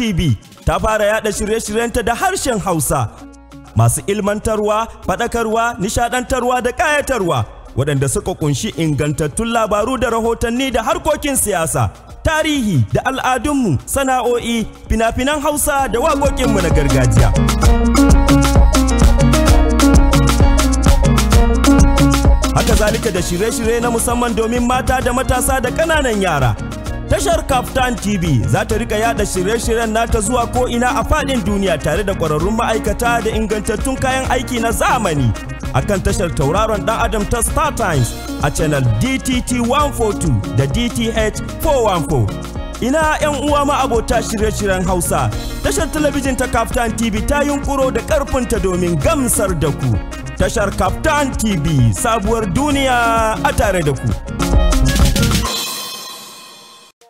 TV ta fara yada shirye-shiryenta da harshen Hausa masu ilmantarwa, faɗakarwa, nishadantarwa da ƙayatarwa waɗanda suka ƙunshi ingantattun labaru da rahotanni da harkokin siyasa, tarihi da al'adunmu, sana'o'i, fina-finan Hausa da waƙoƙinmu na gargajiya. Haka zalika da shirye-shirye na musamman domin mata da matasa da ƙananan yara. Tashar Kaftan TV za ta rika yada shirye-shiryen nata zuwa ko ina a faɗin duniya tare da ƙwararrun ma'aikata da ingantattun kayan aiki na zamani. Akan tashar tauraron ɗan Adam ta Star Times a channel DTT 142 da DTH 414. ina 'yan uwa ma abota shirye-shiryen Hausa. Tashar talabijin ta Kaftan TV ta yunkuro da ƙarfinta domin gamsar da ku. Tashar Kaftan TV sabuwar duniya a tare da ku.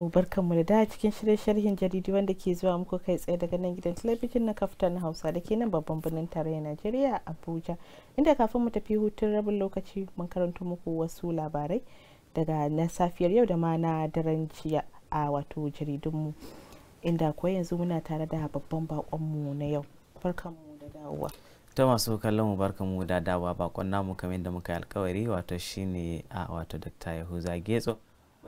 barkanmu da da cikin shirye sharhin jaridu wanda ke zuwa muku kai tsaye daga nan gidan talabijin na kaftan hausa da ke nan babban birnin tarayyar najeriya abuja inda kafin mu tafi hutun rabin lokaci mun karanto muku wasu labarai daga na safiyar yau da ma na daren jiya a wato jaridunmu inda kuwa yanzu muna tare da babban bakonmu na yau barkanmu da dawowa ta masu kallon mu barka mu da dawa bakon namu kamar da muka yi alkawari wato shine a wato dakta yahuza getso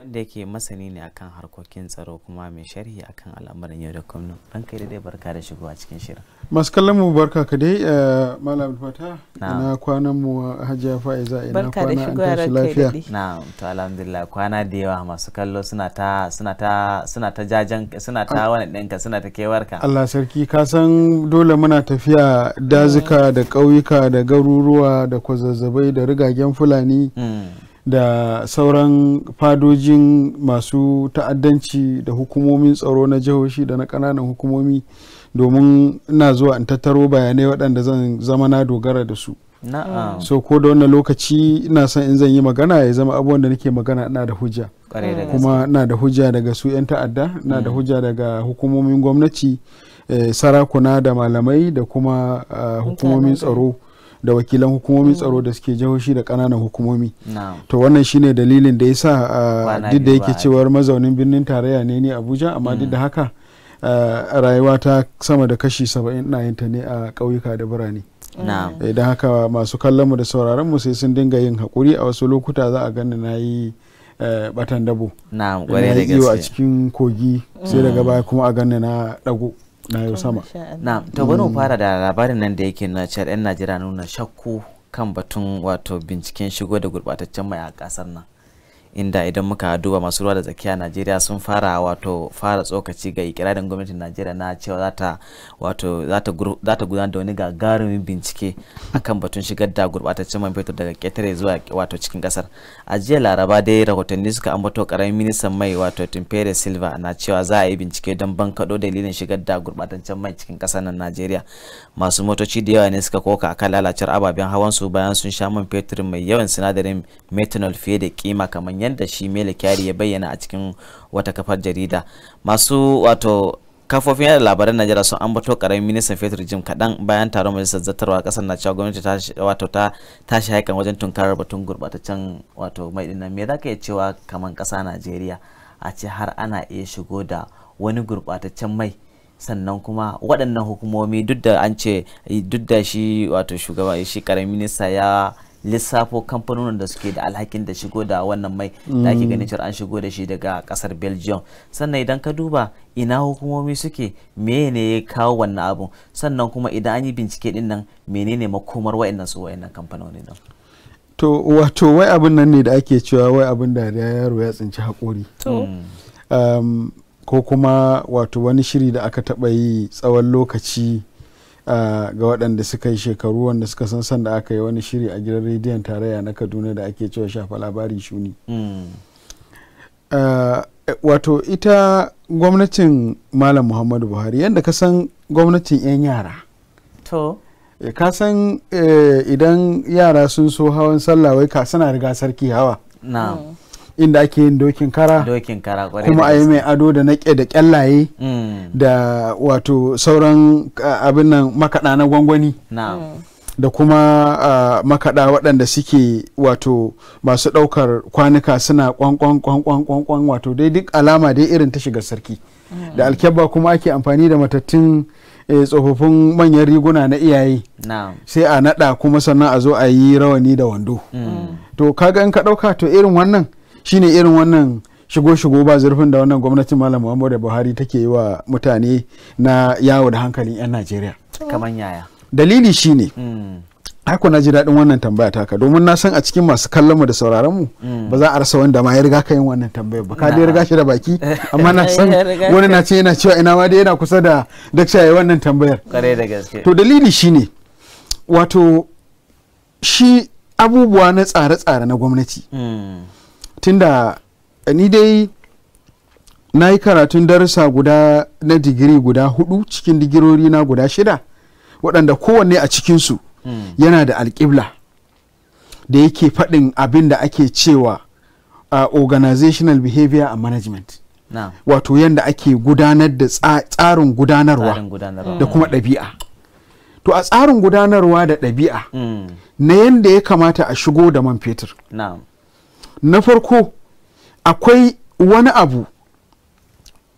wanda yake masani ne akan harkokin tsaro kuma mai sharhi akan al'amuran yau da kullum dan da dai barka da shigowa cikin shirin masu kallon mu barka ka dai eh, malam fata na kwanan mu hajji hajiya fa'iza ina kwana an tashi lafiya na to alhamdulillah kwana da yawa masu kallo suna ta suna ta suna ta jajan suna ta wani ɗinka suna ta kewarka Allah sarki ka san dole muna tafiya dazuka da ƙauyuka da garuruwa da kwazazzabai da rigagen fulani mm. da sauran fadojin masu ta'addanci da hukumomin tsaro na jihohi da na kananan hukumomi domin ina zuwa in tattaro bayanai waɗanda zan zama na dogara da su So ko da wannan lokaci ina son in zan yi magana ya zama abubuwan da nake magana ina da hujja. Kuma ina da hujja daga su 'yan ta'adda, ina da mm. hujja daga hukumomin gwamnati, eh, sarakuna da malamai da kuma eh, hukumomin tsaro. da wakilan hukumomin mm. tsaro da suke jihohi da kananan hukumomi to wannan shine dalilin da ya sa ah, duk da yake cewar mazaunin birnin tarayya ne ni abuja amma duk mm. da haka ah, rayuwa ta sama da kashi saba'in na yinta ne a ƙauyuka da birane idan eh, haka masu kallon mu da sauraron mu sai sun dinga yin haƙuri a wasu lokuta za a gani na yi batan eh, dabo na yi a cikin kogi sai mm. daga baya kuma a gani na ɗago na yau sama na to bari mu mm. fara da labarin nan da yake na cewa yan najeriya nuna shakku kan batun wato binciken shigo da gurbataccen mai a kasar nan inda idan muka duba masu ruwa da tsakiya najeriya sun fara wato fara tsokaci ga ikirarin gwamnatin najeriya na cewa za ta wato gudanar da wani gagarumin bincike akan batun shigar da gurbataccen man fetur daga ketare zuwa wato cikin kasar a jiya laraba dai rahotanni suka ambato karamin ministan mai wato timpere silva na cewa za a yi bincike don bankaɗo dalilin shigar da gurbataccen mai cikin kasar nan najeriya masu motoci da yawa ne suka koka akan lalacewar ababen hawan su bayan sun sha man fetur mai yawan sinadarin methanol fiye da kima kamar yadda shi mele kyari ya bayyana a cikin wata kafar jarida masu wato kafofin yada labaran najeriya sun ambato karamin ministan fetur jim kaɗan bayan taron majalisar zattarwa kasar na cewa gwamnati ta wato ta tashi haikan wajen tunkarar batun gurbataccen wato mai dina me za ka iya cewa kaman ƙasa najeriya a ce har ana iya shigo da wani gurbataccen mai sannan kuma waɗannan hukumomi duk da an ce duk da shi wato shugaba shi karamin minista ya lissafo kamfanonin da suke da alhakin da shigo da wannan mai da ake ganin cewa an shigo da shi daga kasar belgium sannan idan ka duba ina hukumomi suke menene ya kawo wannan abu sannan kuma idan an yi bincike din nan menene makomar wa'annan su wa'annan kamfanonin nan to wato wai abin nan ne da ake cewa wai abin da yaro ya tsinci haƙori hmm. ko kuma wato wani shiri da aka taɓa yi tsawon lokaci ga waɗanda suka yi shekaru wanda suka san sanda aka yi wani shiri a gidan rediyon tarayya na kaduna da ake cewa shafa labarin shuni hmm. wato ita gwamnatin malam muhammadu buhari yadda ka san gwamnatin 'yan yara to e, ka san e, idan yara sun so hawan sallah wai ka suna riga sarki hawa hmm. inda ake yin dokin kara kuma a yi mai ado da naƙe da kyallaye mm. da wato sauran abin nan makaɗa na gwangwani da kuma makaɗa waɗanda suke wato masu ɗaukar kwanuka suna kwan kwan kwan kwan wato dai duk alama dai irin ta shiga sarki mm. da alkyabba kuma ake amfani da matattun eh, tsofaffin manyan riguna na iyaye sai a naɗa kuma sannan a zo a yi rawani da wando mm. to kaga in ka ɗauka to irin wannan shine irin wannan shigo-shigo ba zurfin da wannan gwamnatin malam muhammadu buhari take yi wa mutane na yawo da hankalin 'yan najeriya kamar yaya dalili shine mm. haiku na ji daɗin wannan tambaya taka domin na san a cikin masu kallon mu da sauraron mu mm. ba za a rasa wanda ma ya riga ka yin wannan tambayar ba ka dai riga shi da baki amma na san wani na ce yana cewa ina ma dai yana kusa da sha ya wannan tambayar kare da gaske to dalili shine wato shi abubuwa na tsare-tsare na gwamnati mm. tunda eh, ni dai na yi karatun darussa guda na digiri guda hudu cikin digirori na guda shida waɗanda kowanne a cikinsu hmm. yana da alƙibla da yake faɗin abin da ake cewa uh, organizational behavior and management wato yadda ake gudanar da tsarin gudanarwa da kuma ɗabi'a to a tsarin gudanarwa da ɗabi'a hmm. na yadda ya kamata a shigo da man fetur nah. na farko akwai wani abu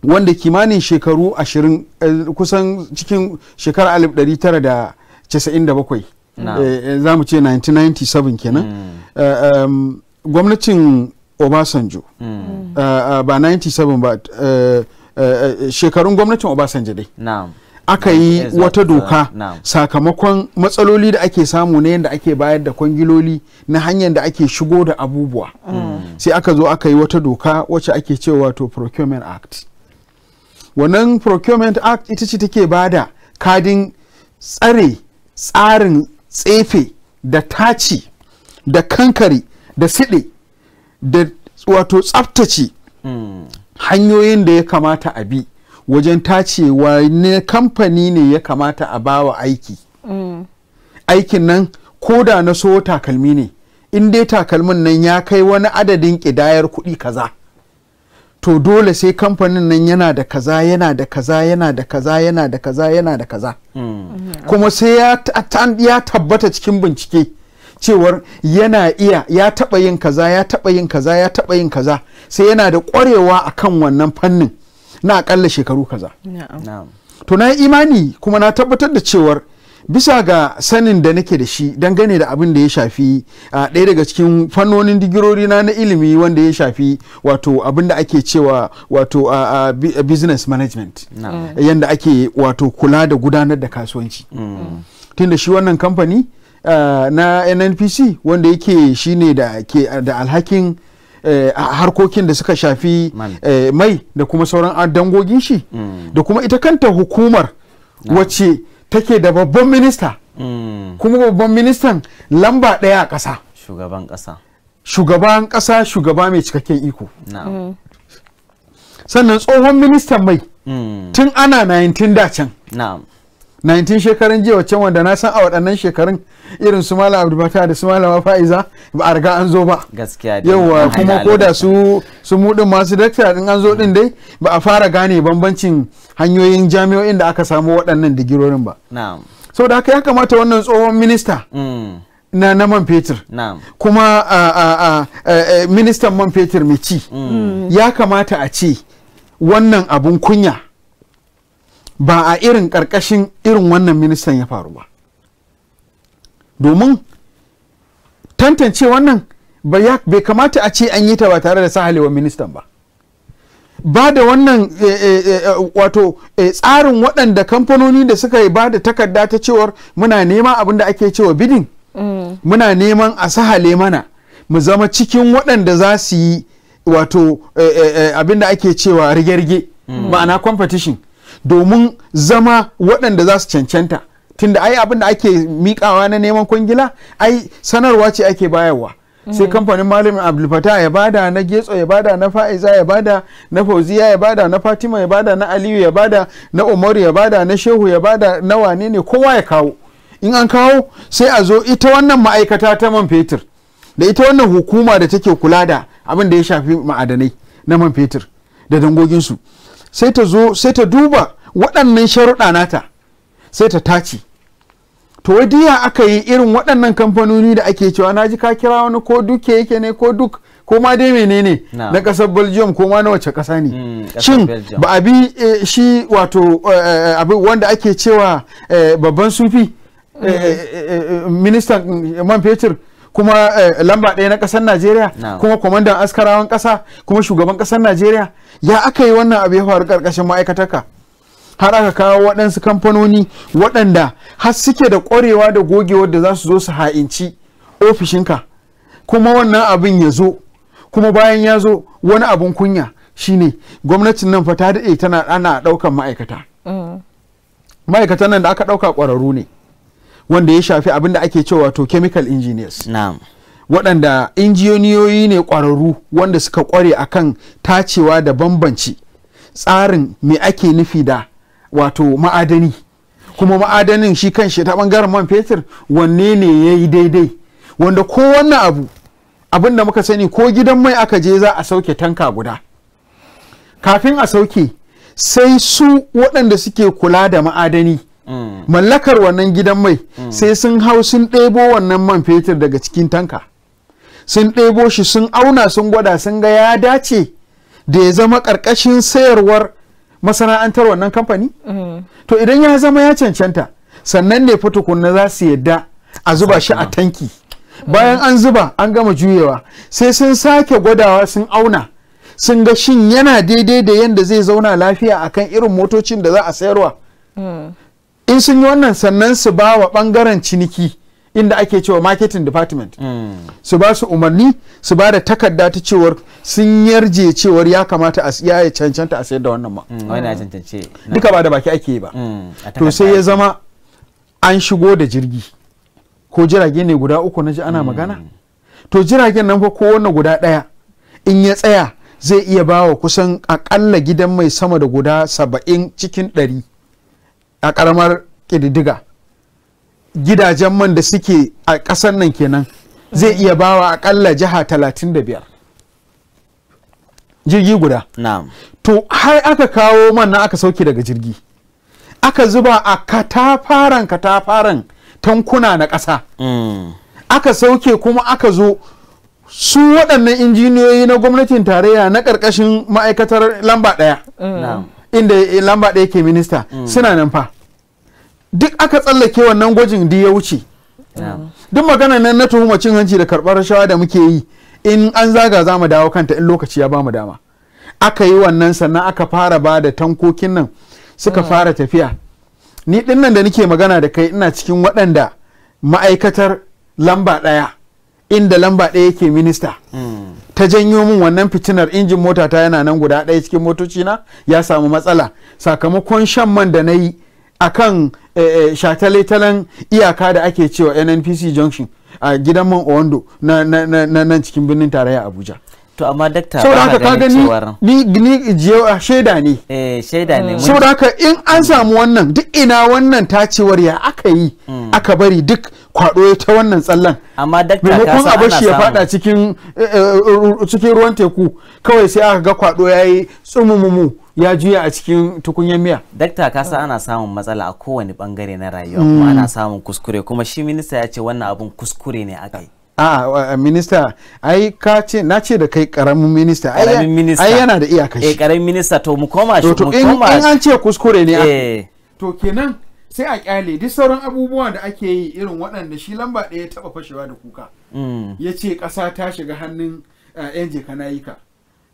wanda kimanin shekaru ashirin eh, kusan cikin shekara 1997 eh, za mu ce 1997 kenan hmm. eh, gwamnatin obasanjo hmm. ba 97 ba shekarun gwamnatin obasanjo dai aka yi eh, wata doka sakamakon matsaloli da ake samu na yadda ake bayar da kwangiloli na hanyar da ake shigo da abubuwa hmm. sai aka zo aka yi wata doka wacce ake cewa wato procurement act wannan procurement act ita ce take bada kadin tsare tsarin tsefe da taci da kankare da siɗe da wato tsaftace hmm. hanyoyin da ya kamata a bi wajen tacewa ne kamfani ne ya kamata a bawa aiki mm. aikin nan ko da na so takalmi ne in dai takalmin nan ya kai wani adadin ƙidayar kuɗi kaza to dole sai kamfanin nan yana da kaza yana da kaza yana da kaza yana da kaza yana da kaza mm. kuma sai ya tabbata cikin bincike cewar yana iya ya taɓa yin kaza ya taɓa yin kaza ya taɓa yin kaza sai yana da ƙwarewa akan wannan fannin na akalla shekaru kaza to na yi imani kuma na tabbatar da cewar bisa ga sanin da nake da shi dangane da abin da ya shafi ɗaya daga cikin fannonin digirori na na ilimi wanda ya shafi wato abin da ake cewa wato business management mm. yadda ake wato kula da gudanar da kasuwanci mm. tun da shi wannan kamfani na nnpc wanda yake shine da alhakin Eh, harkokin da suka shafi eh, mai da kuma sauran dangogin shi mm. da kuma ita kanta hukumar wacce take da babban minista mm. kuma babban ministan lamba ɗaya a kasa. shugaban kasa. shugaban ƙasa shugaba mai cikakken iko mm. sannan tsohon ministan mai tun ana 19 da can 19 shekaran jiya wacce wanda na san a waɗannan shekarun irin su malam da su malama fa'iza ba a riga an zo ba gaskiya yawa kuma ko da su su mudin masu dakta din an zo din dai ba a fara gane bambancin hanyoyin jami'o'in da aka samu waɗannan digirorin ba na'am so da haka ya kamata wannan tsohon minista mm. na na man fetur kuma ministan man fetur mai ci mm. Mm. ya kamata a ce wannan abun kunya ba a irin karkashin irin wannan ministan ya faru ba domin tantance wannan bai kamata a ce an yi ta ba tare da sahalewa ministan ba ba da wannan eh, eh, eh, wato tsarin waɗanda kamfanoni da suka yi ba da takarda ta cewar muna nema abin da ake cewa bidin mm. muna neman a sahale mana mu zama cikin waɗanda za su yi wato abin da ake cewa rige-rige mm. ma'ana competition domin zama waɗanda za su cancanta tunda ai abin da ake miƙawa na neman kwangila ai sanarwa ce ake bayarwa sai mm. kamfanin malamin Abdulfatah, ya bada na getso ya bada na fa'iza ya bada na fauziya ya bada na fatima ya bada na aliyu ya bada na umaru ya bada na shehu ya bada na wane ne kowa ya kawo in an kawo sai a zo ita wannan ma'aikata ta man fetur da ita wannan hukuma da take kula da abin da ya shafi ma'adanai na man fetur da dangoginsu sai ta zo sai ta duba waɗannan sharuɗa nata sai ta tace to diya aka yi irin waɗannan kamfanoni da ake cewa na ji ka kira wani ko duke yake ne ko duk ko ma dai menene na ƙasar belgium ko ma na wace ƙasa ne hmm, shin ba a bi eh, shi wato eh, eh, abin wanda ake cewa babban sufi hmm. ministan man fetur kuma lamba ɗaya na ƙasar najeriya kuma kwamandan askarawan ƙasa kuma shugaban ƙasar najeriya ya aka yi wannan abu ya faru ƙarƙashin ma'aikataka har aka kawo waɗansu kamfanoni waɗanda har suke da ƙwarewa da gogewar da za su zo su ha'inci ofishinka kuma wannan abin ya zo kuma bayan ya zo wani abin kunya shine gwamnatin nan fa ta daɗe tana a ɗaukan ma'aikata mm. ma'aikatan nan da aka ɗauka ƙwararru ne wanda ya shafi abin da ake cewa to chemical engineers waɗanda injiniyoyi ne ƙwararru wanda suka ƙware akan tacewa da bambanci tsarin me ake nufi da wato ma'adani kuma ma'adanin shi kan shi ta bangaren man fetur wanne ne ya yi daidai wanda ko wannan abu abin da muka sani ko gidan mai aka je za a sauke tanka guda kafin a sauke sai su waɗanda suke kula da ma'adani mm. mallakar wannan gidan mai mm. sai sun hau sun ɗebo wannan man fetur daga cikin tanka sun ɗebo shi sun auna sun gwada sun ga ya dace da ya zama ƙarƙashin sayarwar masana'antar wannan kamfani to idan ya zama ya cancanta sannan ne fa tukunna za su yadda a zuba shi a tanki bayan an zuba an gama juyewa sai sun sake gwadawa sun auna sun ga shin yana daidai da yadda zai zauna lafiya akan irin motocin da za a sayarwa in sun yi wannan sannan su ba wa bangaren ciniki inda ake cewa marketing department mm. su ba su umarni su ba da takarda ta cewar sun yarje cewar ya kamata a ya cancanta a sayar da wannan ma mm, Wani duka ba da baki ake yi ba mm, to sai ya zama an shigo da jirgi ko jirage ne guda uku na ji ana mm. magana to jiragen nan fa ko wannan guda ɗaya in ya tsaya zai iya bawa kusan akalla gidan mai sama da guda saba'in cikin ɗari a ƙaramar ƙididdiga gidajen man da suke a ƙasar nan kenan zai iya bawa aƙalla akalla jiha talatin da biyar jirgi guda to har aka kawo man na aka sauke daga jirgi aka zuba a katafaren katafaren tankuna na ƙasa mm. aka sauke kuma aka zo su waɗannan injiniyoyi na gwamnatin tarayya na ƙarƙashin ma'aikatar lamba ɗaya mm. inda lamba ɗaya ke minista mm. suna nan fa duk aka tsallake wannan gwajin da ya wuce duk magana nan na tuhuma cin hanci da karɓar rashawa da muke yi in an zaga za mu dawo kanta in lokaci ya ba mu dama aka yi wannan sannan aka fara ba da tankokin nan suka mm. fara tafiya ni dinnan da nake magana da kai ina cikin waɗanda ma'aikatar lamba ɗaya inda lamba ɗaya yake minista mm. ta janyo min wannan fitinar injin mota ta yana nan guda ɗaya cikin motoci na ya samu matsala sakamakon shan man da na yi akan eh, eh, shataletalen iyaka da ake cewa nnpc junction a gidan man ondo na nan cikin birnin tarayya abuja to amma dakta so, ba haka ka gani ni ni shaida ne eh shaida ne saboda haka in an samu wannan duk ina wannan tacewar ya aka yi hmm. aka bari duk kwado ta wannan tsallan amma dakta maimakon abin shi ya fada eh, eh, eh, cikin ruwan teku kawai sai aka ga kwado yi tsumumumu ya juya a cikin tukunyar miya dakta kasa ana samun matsala a kowane bangare na rayuwa kuma ana mm. samun kuskure kuma shi minista ya ce wannan abun kuskure ne akai a minista ai ka ce na ce da kai karamin minista ai yana da iyakashi eh karamin minista to mu koma shi mu koma in an ce kuskure ne to kenan sai a kyale duk sauran abubuwa da ake yi irin waɗanda shi lamba ɗaya ya taɓa fashewa da kuka mm. ya ce ƙasa ta shiga hannun 'yan eh, jekanayika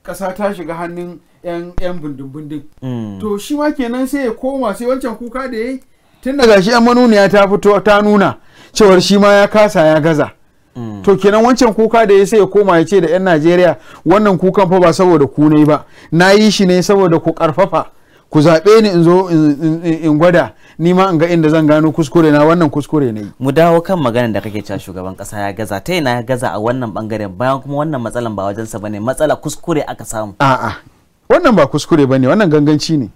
ƙasa ta shiga hannun 'yan bindin-bindin mm. to shi ma kenan sai ya koma sai wancan kuka da ya yi tun daga shi 'yan manuniya ta fito ta nuna cewar shi ma ya kasa ya gaza mm. to kenan wancan kuka da ya sai ya koma ya ce da 'yan najeriya wannan kukan fa ba saboda ku ne ba na yi shi ne saboda ku karfafa ku zaɓe ni in zo in gwada ni ma in ga inda zan gano kuskure na wannan kuskure ne mu dawo kan maganar da kake cewa shugaban kasa ya gaza ta yana ya gaza a wannan bangaren bayan kuma wannan matsalan ba wajensa bane matsala kuskure aka samu a'a wannan ba kuskure bane wannan ganganci ne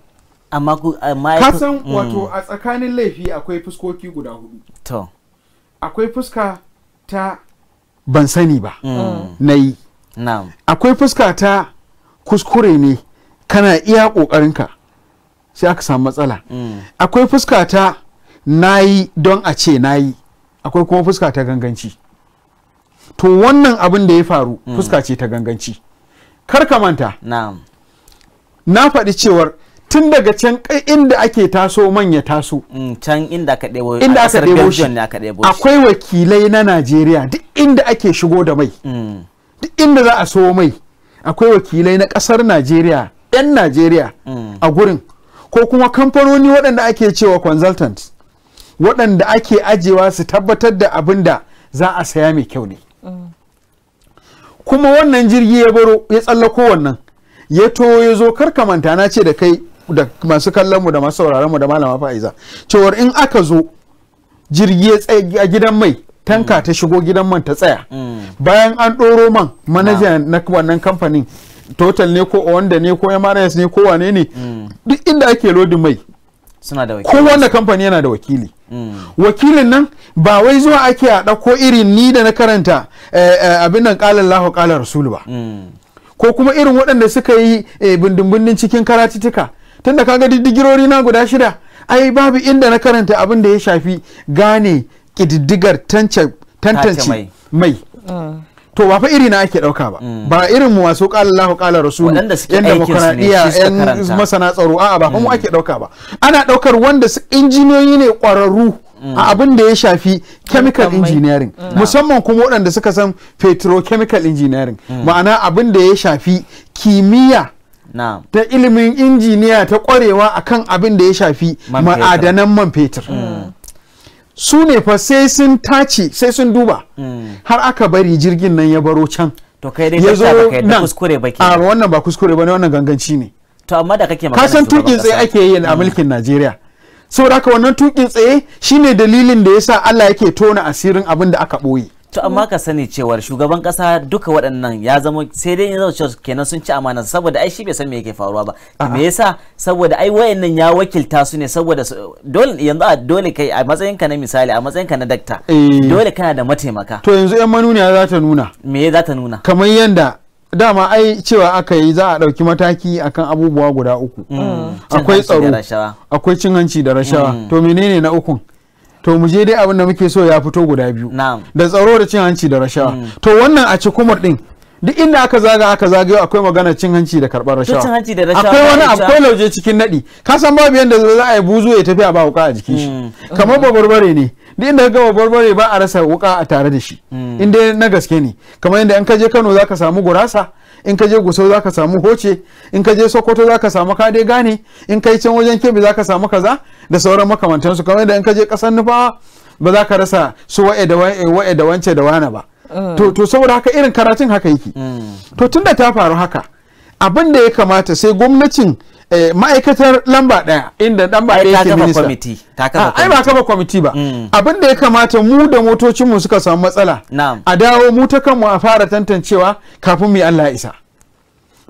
amma ku amma ka san hmm. wato a tsakanin laifi akwai fuskoki guda hudu to akwai fuska ta ban sani ba hmm. nayi na'am akwai fuska ta kuskure ne kana iya kokarin ka. sai aka samu matsala mm. akwai fuska ta nayi don a ce nayi akwai kuma fuska ta ganganci to wannan abin da ya faru mm. fuska ce ta ganganci kar ka manta na faɗi cewar tun daga can inda ake taso manya taso mm, can inda aka ɗebo inda aka ɗebo shi akwai wakilai na Najeriya duk inda ake shigo da mai duk inda za a so mai akwai wakilai na ƙasar Najeriya 'yan Najeriya a gurin ko kuma kamfanoni waɗanda ake cewa consultant waɗanda ake ajewa su tabbatar da abin da za a saya mai kyau ne kuma wannan jirgi ya baro ya tsallako wannan ya to ya zo karkamanta na ce da kai da masu kallonmu da masu sauraronmu da malama fa'iza cewar in aka zo jirgi ya tsaye a gidan mai tanka mm. ta shigo gidan man ta tsaya mm. bayan an ɗoro man manaja na wannan kamfanin total ne ko wanda ne ko mrs ne ko wane ne duk inda ake lodin mai suna da wakili wanda kamfani yana da wakili mm. wakilin nan ba wai zuwa ake a ɗauko irin ni da na karanta eh, eh, abin nan ƙalar lahu ƙalar rasulu ba mm. ko kuma irin waɗanda suka yi eh, bindin-bindin cikin karatutuka tunda kaga diddigirori na guda shida ai babu inda na karanta abin da ya shafi gane ƙididdigar tantance mai mm. to ba fa iri na ake dauka ba mm. ba irin mu wasu qala Allah qala rasul yan demokradiya yan masana tsaro a'a ba mu mm. ake dauka ba ana daukar wanda su injiniyoyi ne kwararru mm. a abin da ya shafi chemical engineering musamman kuma waɗanda suka san petrochemical engineering ma'ana abin da ya shafi kimiyya ta ilimin injiniya ta kwarewa akan abin da ya shafi ma'adanan man fetur su ne fa sai sun tace sai sun duba hmm. har aka bari jirgin nan ya baro can to kai dai ya zo nan kuskure ba a wannan ba kuskure ba ne wannan ganganci ne to amma da kake magana kasan tukin tsaye ake yi a hmm. mulkin Najeriya saboda haka wannan tukin tsaye shine dalilin da yasa Allah yake tona asirin abin da aka boye to amma ka sani cewar shugaban kasa duka waɗannan ya zama sai dai yanzu cewa kenan sun ci amana saboda ai shi bai san me yake faruwa ba me yasa saboda ai wayannan ya wakilta su ne saboda dole yanzu a dole kai a matsayin ka na misali a matsayin ka na dakta eh. dole kana da mataimaka to yanzu yan manuniya za ta nuna me za ta nuna kamar yanda dama ai cewa aka yi za a ɗauki mataki akan abubuwa guda uku mm. akwai tsaro akwai cin hanci da rashawa mm. to menene na ukun to mu je dai abin da muke so ya fito guda biyu da tsaro da cin hanci da rashawa mm. to wannan a cikumar din duk inda aka zaga aka zagayo akwai magana cin hanci da karbar rashawa akwai wani akwai lauje cikin nadi. ka san babu yanda za a yi buzu ya tafi a ba wuka a jikin shi mm. kamar babarbare ne duk inda ga babarbare ba a rasa wuka a tare da shi mm. inda na gaske ne kamar yadda in ka je Kano zaka samu gurasa in ka je gusau za ka samu hoce in ka je sokoto za ka samu kade gane in kai can wajen kebe za ka samu kaza da sauran makamantansu kamar da in ka je kasar nufawa ba za ka rasa su wa'e da wance da wane ba mm. to saboda haka irin karatun haka yake mm. to tunda ta faru haka abin da ya kamata sai gwamnatin Eh, ma'aikatar lamba ɗaya inda ɗan ba ɗaya ke minista ah, ai ba kafa kwamiti ba mm. abin da ya kamata mu da motocinmu suka samu matsala a dawo mu ta kanmu a fara tantancewa kafin mu yi Allah isa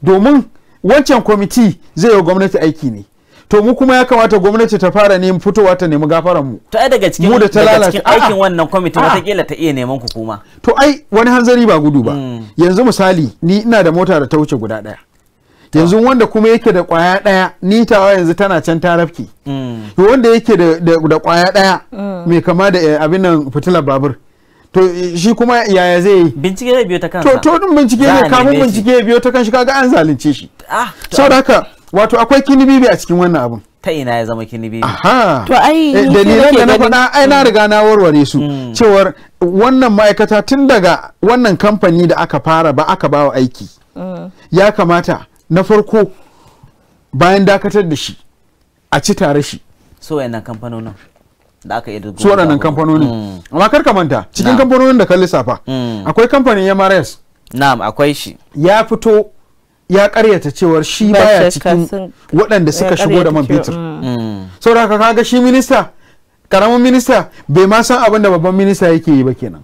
domin wancan kwamiti zai yi gwamnati aiki ne to mu kuma ya kamata gwamnati ta fara neman fitowa ta nemi gafaran mu to ai daga cikin mu da ta lalace aikin wannan kwamiti wataƙila ta iya neman ku kuma to ai wani hanzari ba gudu ba mm. yanzu misali ni ina da mota da ta wuce guda daya. yanzu wanda kuma yake da kwaya daya ni tawa yanzu tana can tarafki mm. to wanda yake da kwaya daya mm. mai kama da eh, abin nan fitilar babur to eh, shi kuma yaya zai yi bincike zai biyo ta kansa to to din bincike ne kafin bincike biyo ta kansa kaga an zalunce shi ah, saboda haka wato akwai kinibibi a cikin wannan abun ta ina ya zama kinibibi aha to ai eh, dalilan da na faɗa ai na mm. riga na warware su cewar wannan ma'aikata tun daga wannan kamfani da aka fara ba aka bawa aiki ya kamata na farko bayan dakatar da shi a ci tare shi so yana kamfanonin da aka yi su waɗannan kamfanonin mm. amma kar ka manta cikin kamfanonin da ka lissafa mm. akwai kamfanin MRS na'am akwai shi ya fito ya karyata cewar shi baya cikin waɗanda suka shigo da man fetur mm. saboda haka kaga shi minista karamin minista bai ma san abin da babban minista yake yi ba kenan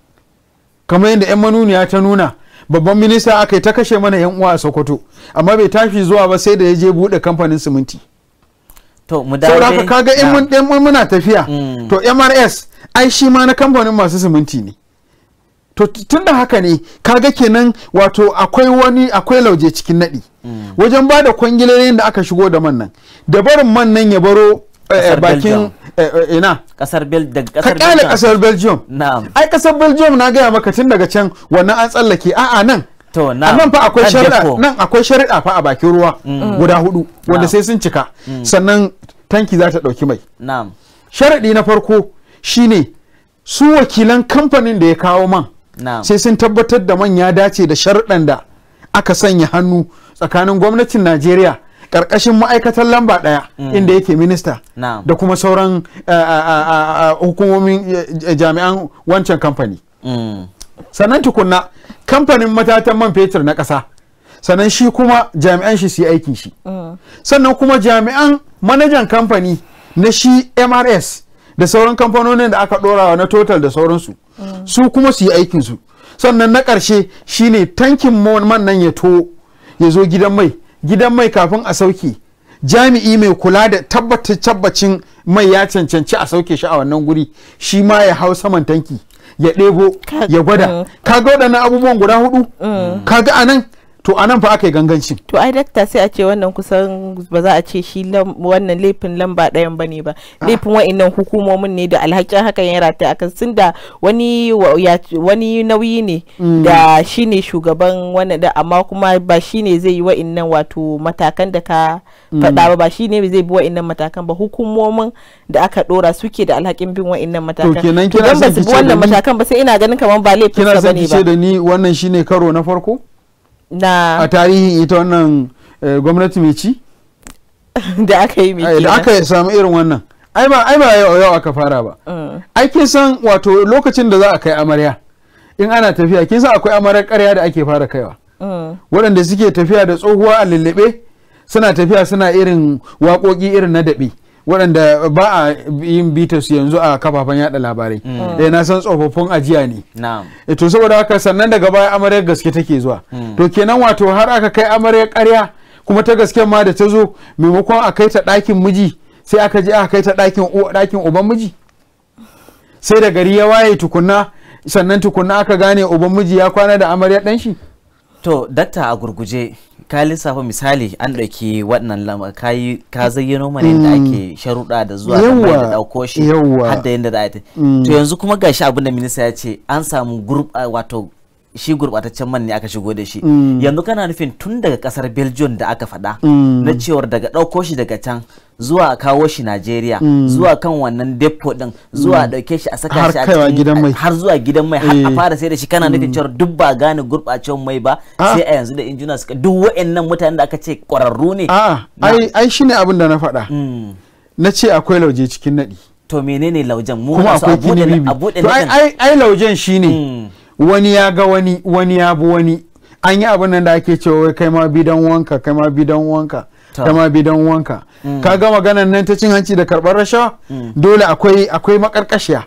kamar yadda 'yan manuniya ta nuna babban minista aka yi ta kashe mana yan uwa a sokoto amma bai tashi zuwa ba sai da ya je buɗe kamfanin siminti to mu dawo saboda kaga in mun dan muna tafiya mm. to MRS ai shi ma na kamfanin masu siminti ne to tun da haka ne kaga kenan wato akwai wani akwai lauje cikin nadi mm. wajen ba da da aka shigo da man nan da barin man nan ya baro Eh, eh, bakin eh, ina kasar belgium ka kasar belgium ai kasar belgium na gaya maka tun daga can wannan an tsallake a'a nan To nan fa akwai shari'a nan akwai shari'a fa a bakin ruwa mm. guda hudu wanda sai sun cika mm. sannan tanki za ta dauki mai na'am na farko shine su wakilan kamfanin da ya kawo man sai sun tabbatar da man ya dace da sharaɗan da aka sanya hannu tsakanin gwamnatin Najeriya karkashin ma'aikatar lamba ɗaya. Mm. inda yake minista da kuma sauran hukumomin e, e, jami'an wancan kamfani mm. sannan tukunna kamfanin matatan man fetur na ƙasa sannan shi kuma jami'an shi su yi aikin shi mm. sannan kuma jami'an manajan kamfani na shi mrs da sauran kamfanonin da aka ɗorawa na total da sauransu su kuma su yi aikinsu sannan na ƙarshe shine tankin man nan ya to ya zo gidan mai gidan mai kafin a sauke jami'i mai kula da tabbata tabbacin mai ya cancanci a sauke shi a wannan guri shi ma ya hau saman tanki ya ɗebo ya gwada mm. kaga waɗannan abubuwan guda hudu mm. kaga anan to a nan fa aka yi gangancin to ai dakta sai a ce wannan kusan ba za a ce shi wannan laifin lamba ɗayan ba ne ba ah. laifin wa'annan hukumomin ne da alhakin hakan ya rata a kan sun da wani wani nauyi ne mm. da shi ne shugaban wannan da amma kuma ba shi ne zai yi wa'annan wato matakan da ka mm. faɗa ba ba shi ne zai bi wa'annan matakan ba hukumomin da aka ɗora suke da alhakin bin wa'annan matakan to kenan kina son ki ce wannan matakan ba sai ina ganin kamar ba laifin ba ne ba kina son ki ce da ni wannan shine karo na farko a tarihin ita wannan eh, gwamnati mai ci da aka yi mai eh, da aka samu irin wannan ai ba ai yau aka fara ba mm. ai kin san wato lokacin da za a kai amarya in ana tafiya kin san akwai amaryar karya da ake fara kaiwa mm. waɗanda suke tafiya da tsohuwa a lullube suna tafiya suna irin waƙoƙi irin na daɓe waɗanda ba a yin bitas yanzu a kafafen yaɗa labarai da mm. eh, na san tsofaffin ajiya ne eh, to saboda haka sannan daga baya amaryar gaske take zuwa mm. to kenan wato har aka kai amaryar karya kuma ta gaske ma da ta zo maimakon a kai ta ɗakin miji sai aka je aka kai ta ɗakin uban miji sai da gari ya waye tukunna sannan tukunna aka gane uban miji ya kwana da amarya ɗan shi to datta a gurguje ka lissafa misali an ɗauki waɗannan lama ka zayyano mana yadda mm. ake sharuɗa da zuwa da da ɗauko shi har da yadda da mm. to yanzu kuma gashi abin da minista ya ce an samu gurɓa wato shi gurbataccen man ne aka shigo da shi mm. yanzu kana nufin tun daga kasar belgium da aka faɗa mm. na cewar daga ɗauko shi daga can zuwa kawo shi najeriya mm. zuwa kan wannan depo din zuwa ɗauke shi a saka shi a cikin har zuwa gidan mai har a eh. fara sai da shi kana nufin cewar duk ba gane gurɓacewar mai ba ah. sai a yanzu da injina suka duk wa'annan mutanen da aka ce ƙwararru ne ah, ai ai shine abin da na faɗa na ce akwai lauje cikin naɗi to menene laujen mu kuma akwai ai ai laujen shine wani ya ga wani wani ya bi wani an yi abin nan da ake cewa wai kai ma bidan wanka kai ma bidan wanka kai ma bidan wanka mm. ka ga maganar nan ta cin hanci da karbar rashawa mm. dole akwai akwai makarkashiya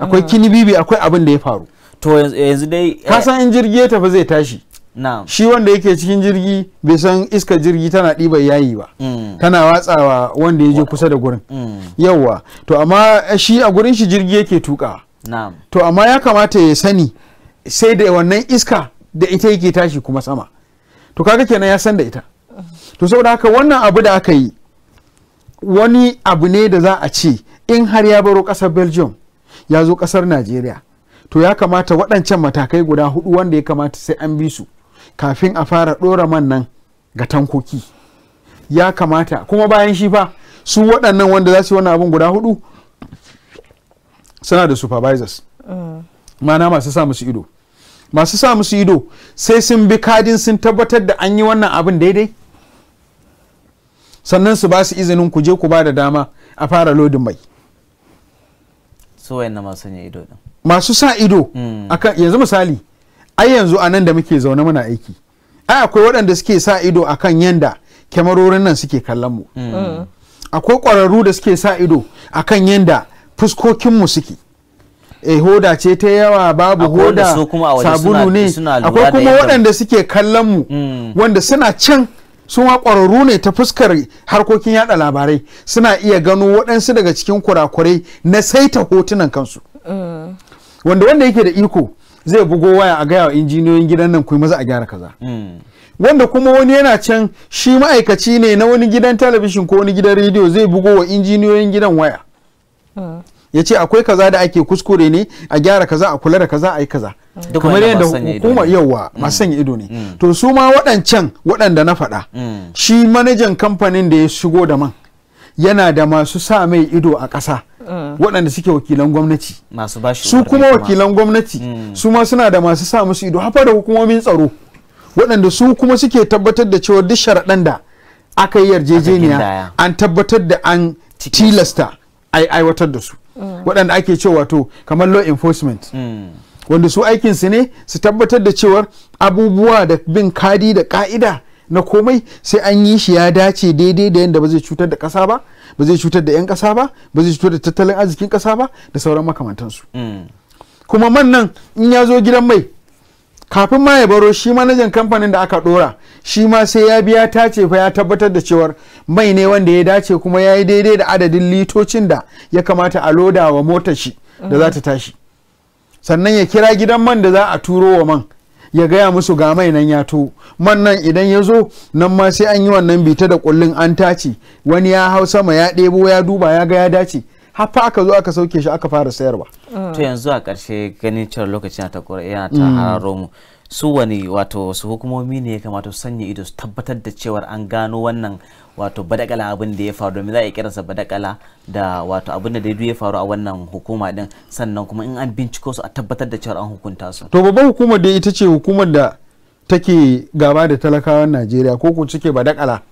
akwai mm. kinibibi akwai abin da ya faru to yanzu dai eh, ka san in jirgi ya tafi zai tashi Naam. shi wanda yake cikin jirgi bai san iskar jirgi tana ɗiba yayi ba tana watsawa wanda ya je kusa da gurin Yawwa to amma shi a gurin shi jirgi yake tuka to amma ya kamata ya sani sai da wannan iska da ita yake tashi kuma sama to kaga kenan ya san da ita to saboda haka wannan abu da aka yi wani abu ne da za a ce in har ya baro kasar belgium ya zo kasar nigeria to ya kamata waɗancan matakai guda hudu wanda ya kamata sai an bi su kafin a fara ɗora man nan ga tankoki ya kamata kuma bayan shi fa su waɗannan wanda za su yi wannan abin guda hudu suna da supervisors mm. mana masu sa musu ido masu sa musu ido sai sun bi kadin sun tabbatar da an yi wannan abin daidai sannan su ba su izinin ku je ku ba da dama a fara lodin mai masu sa ido hmm. yanzu misali ai yanzu a nan da muke zaune muna aiki ai akwai waɗanda suke sa ido akan yanda kyamarorin nan suke kallon mu hmm. Hmm. akwai ƙwararru da suke sa ido akan yanda fuskokinmu suke eh hoda ce ta yawa babu hoda sabulu ne akwai kuma waɗanda suke kallon mu hmm. wanda suna can sun ƙwararru ne ta fuskar harkokin yada labarai suna iya gano waɗansu daga cikin kurakurai na saita hotunan kansu hmm. wanda wanda yake da iko zai bugo waya a gaya wa injiniyoyin gidan nan kuma maza a gyara kaza hmm. wanda kuma wani yana can shi ma'aikaci ne na wani gidan talabishin ko wani gidan rediyo zai bugo wa injiniyoyin gidan waya ya ce akwai kaza da ake kuskure ne a gyara kaza a kula da kaza a yi kaza kamar yadda hukuma yauwa masu mm. sanya ido ne mm. to su ma waɗancan waɗanda na faɗa mm. shi manajan kamfanin da ya shigo da man yana da masu sa mai ido a ƙasa waɗanda suke wakilan gwamnati su kuma wakilan gwamnati su ma suna da masu sa musu ido hafa da hukumomin tsaro waɗanda su kuma suke tabbatar da cewa duk sharaɗan da aka yi yarjejeniya an tabbatar da an tilasta aiwatar da su waɗanda ake cewa to kamar law enforcement mm. wanda su aikinsu ne su tabbatar da cewar abubuwa da bin kadi da ka'ida na komai sai an yi shi ya dace daidai da yadda ba zai cutar da ƙasa ba ba zai cutar da 'yan ƙasa ba ba zai cutar da tattalin arzikin ƙasa ba da sauran makamantansu mm. kuma man nan in ya zo gidan mai kafin ma ya baro shi manajan kamfanin da aka dora shi ma sai ya biya ta ce fa ya tabbatar da cewar mai ne wanda ya dace kuma ya yi daidai da adadin litocin da ya kamata a loda wa motar shi da za ta tashi sannan ya kira gidan man da za a turo wa man ya gaya musu ga mai nan ya to man nan idan ya zo nan ma sai an yi wannan bita da kullun an tace wani ya hau sama ya ɗebo ya duba ya ga ya dace haffa aka zo aka sauke shi aka fara sayarwa to yanzu a ƙarshe ganin cewa lokacin ta yana ta mm. hararo mu su wani wato su hukumomi ne ya kamata su sanya ido su tabbatar da cewar an gano wannan wato badakala abin da ya faru domin za a kiransa badakala da wato abin da daidu ya faru a wannan hukuma din sannan kuma in an binciko su a tabbatar da cewa an hukunta su to babban hukumar da ita ce hukumar da take gaba da talakawan najeriya ko ko cike badakala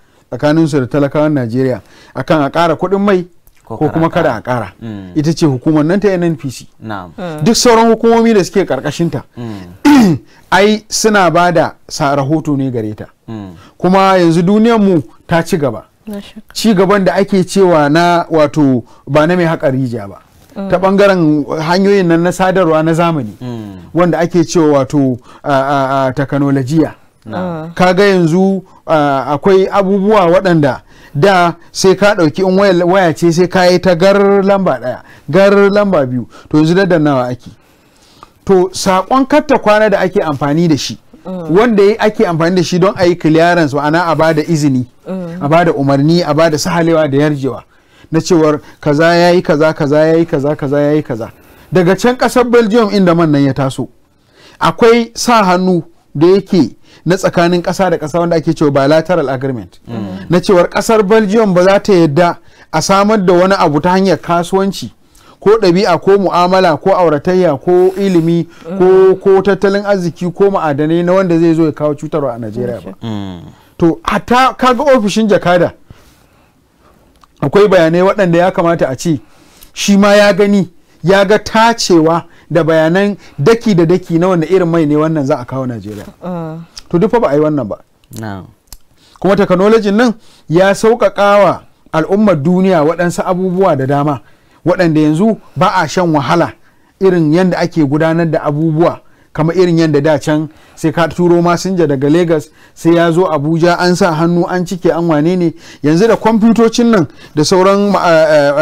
su da talakawan najeriya akan a ƙara kuɗin mai ko kuma kada a kara mm. ita ce hukumar nan ta nnpc mm. duk sauran hukumomi da suke karkashinta mm. ai suna ba da rahoto ne gare ta kuma yanzu duniyar mu ta ci gaba ci gaban da ake cewa na wato ba na mai haƙa rija ba ta bangaren hanyoyin nan na sadarwa na zamani wanda ake cewa wato a ka kaga yanzu akwai abubuwa waɗanda da sai ka ɗauki in waya ce sai ka yi ta gar lamba ɗaya gar lamba biyu to yanzu nawa ake to saƙon katta kwana da ake amfani da shi mm. wanda ake amfani da shi don a yi clearance ma'ana a ba da izini mm. a ba da umarni a ba da sahalewa da yarjewa na cewar kaza ya yi kaza kaza ya yi kaza kaza ya yi kaza daga can ƙasar belgium inda man nan ya taso akwai sa hannu da yake na tsakanin ƙasa da ƙasa wanda ake cewa bilateral agreement na cewar ƙasar belgium ba za ta yadda a samar da wani abu ta hanyar kasuwanci ko ɗabi'a ko mu'amala ko auratayya ko ilimi ko ko tattalin arziki ko ma'adanai na wanda zai zo ya kawo cutarwa a najeriya ba mm. to hatta kaga ofishin jakada akwai bayanai waɗanda ya kamata a ce shi ma ya gani ya ga tacewa da bayanan daki da daki na wanda irin mai ne wannan za a kawo najeriya ah. to duk ba a yi wannan ba kuma technology nan ya sauƙaƙa wa al'ummar duniya waɗansu abubuwa da dama waɗanda yanzu ba a shan wahala irin yadda ake gudanar da abubuwa kamar irin yadda da can sai ka turo masinja daga legas sai ya zo abuja an sa hannu an cike an wane ne yanzu da kwamfutocin nan da sauran eh, eh,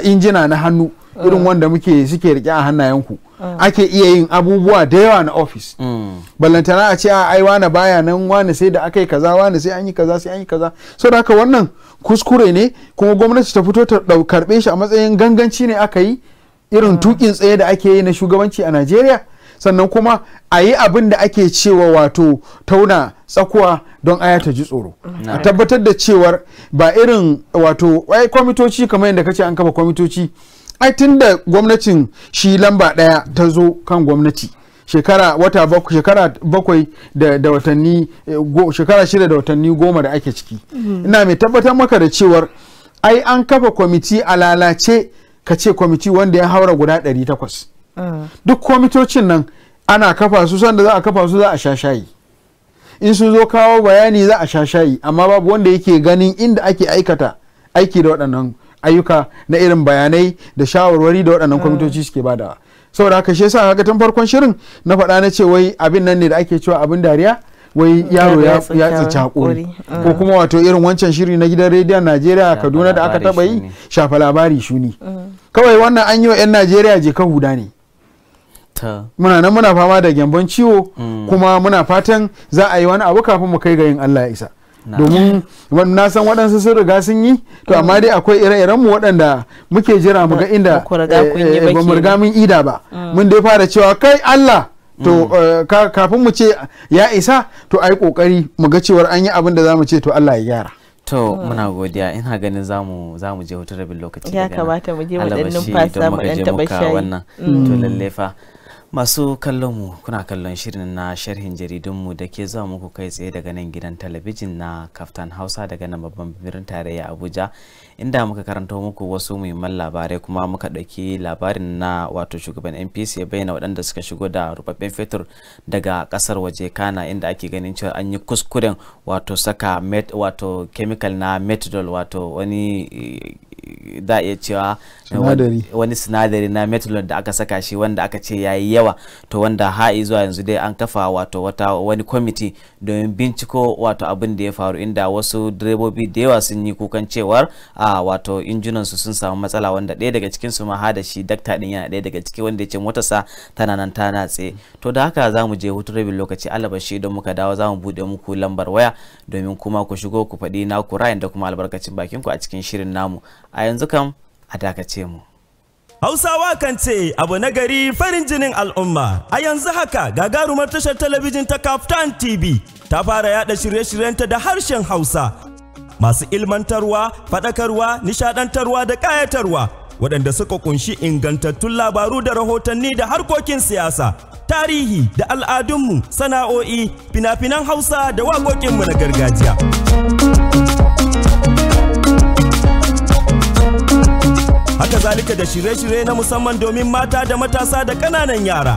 eh, injina na hannu irin ah. wanda muke suke rike a hannayenku ah. ake iya yin abubuwa da yawa na ofis mm. ballantana a ce a ai wani baya nan wani sai da aka yi kaza wani sai an yi kaza sai an yi kaza so da haka wannan kuskure ne kuma gwamnati ta fito ta karbe shi a matsayin ganganci ne aka yi irin ah. tukin tsaye da ake yi na shugabanci a najeriya sannan kuma a yi abin da ake cewa wato tauna tsakuwa don aya ta ji tsoro mm. a tabbatar da cewar ba irin wato ai kwamitoci kamar yadda kace an kafa kwamitoci ai tun da gwamnatin shi lamba ɗaya ta zo kan gwamnati shekara wata bakwai shekara bakwai da watanni eh, shekara shida da watanni goma da ake ciki mm-hmm. ina mai tabbatar maka da cewar ai an kafa kwamiti a lalace ka ce kwamiti wanda ya haura guda 800 ah. duk kwamitocin nan ana kafa su sanda za a kafa su za a sha shayi in su zo kawo bayani za a sha shayi amma babu wanda yake ganin inda ake aikata aiki da waɗannan ayyuka na irin bayanai da shawarwari da waɗannan mm. kwamitoci suke badawa saboda haka shi yasa kaga tun farkon shirin na faɗa na ce wai abin nan ne da ake cewa abin dariya wai mm. yaro ya tsaci hakuri ko mm. kuma wato irin wancan shiri na gidan rediyon najeriya a kaduna da aka taɓa yi shafa labari shuni kawai wannan an yi wa 'yan najeriya je kan huda ne muna nan muna fama da gyambon ciwo kuma muna fatan za a yi wani abu kafin mu kai ga yin allah ya isa domin na san waɗansu sun riga sun yi to eh. amma dai akwai ire-iren mu waɗanda muke jira mu ga inda eh, ba mu riga mun ida ba mm. mun dai fara cewa kai Allah to mm. eh, kafin mu ce ya isa to ai kokari mu ga cewar an yi abin da zamu ce to Allah ya gyara to muna godiya ina ganin zamu zamu je hutu rabin lokaci ya kamata mu je mu dan numfasa mu dan taba shayi wannan mm. to lalle fa Masu kallon mu kuna kallon shirin na sharhin mu da ke zuwa muku kai tsaye daga nan gidan talabijin na Kaftan Hausa daga nan babban birnin tarayya Abuja inda muka karanta muku wasu muhimman labarai kuma muka ɗauki labarin na wato shugaban npc ya bayyana waɗanda suka shigo da rubabben fetur daga ƙasar waje kana inda ake ganin cewa an yi kuskuren wato saka met wato chemical na metadol wato wani da iya cewa wani sinadari na methadone da aka saka shi wanda aka ce ya yi yawa to wanda ha'i zuwa yanzu dai an kafa wato wata wani kwamiti domin binciko wato abin da ya faru inda wasu direbobi da yawa sun yi kukan cewar a wato injunan su sun samu matsala wanda ɗaya daga cikin su ma da shi dakta din yana ɗaya daga ciki wanda ya ce motarsa tana nan ta natse to da haka za mu je hutu rabin lokaci shi don muka dawo za mu buɗe muku lambar waya domin kuma ku shigo ku faɗi naku ra'ayin da kuma albarkacin bakin ku a cikin shirin namu a yanzu kam a dakace mu. Hausawa kan ce abu na gari farin jinin al'umma. A yanzu haka gagarumar tashar talabijin ta Kaftan TV ta fara yada shirye-shiryenta da harshen Hausa. masu ilmantarwa faɗakarwa nishaɗantarwa da ƙayatarwa waɗanda suka ƙunshi ingantattun labaru da rahotanni da harkokin siyasa tarihi da al'adunmu sana'o'i fina-finan hausa da waƙoƙinmu na gargajiya haka zalika da shirye-shirye na musamman domin mata da matasa da ƙananan yara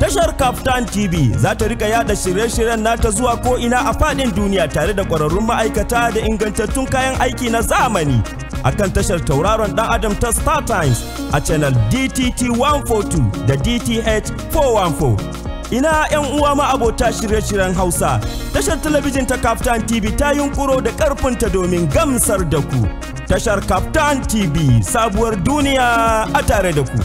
Tashar Kaftan TV za ta rika yada shirye-shiryen nata zuwa ko ina a faɗin duniya tare da ƙwararrun ma'aikata da ingantattun kayan aiki na zamani. akan tashar tauraron dan adam ta Star Times a channel DTT 142 da DTH 414. Ina 'yan uwa ma abota shirye-shiryen Hausa, tashar talabijin ta Kaftan TV ta yunkuro da ƙarfinta domin gamsar da ku. Tashar Kaftan TV sabuwar duniya a tare da ku.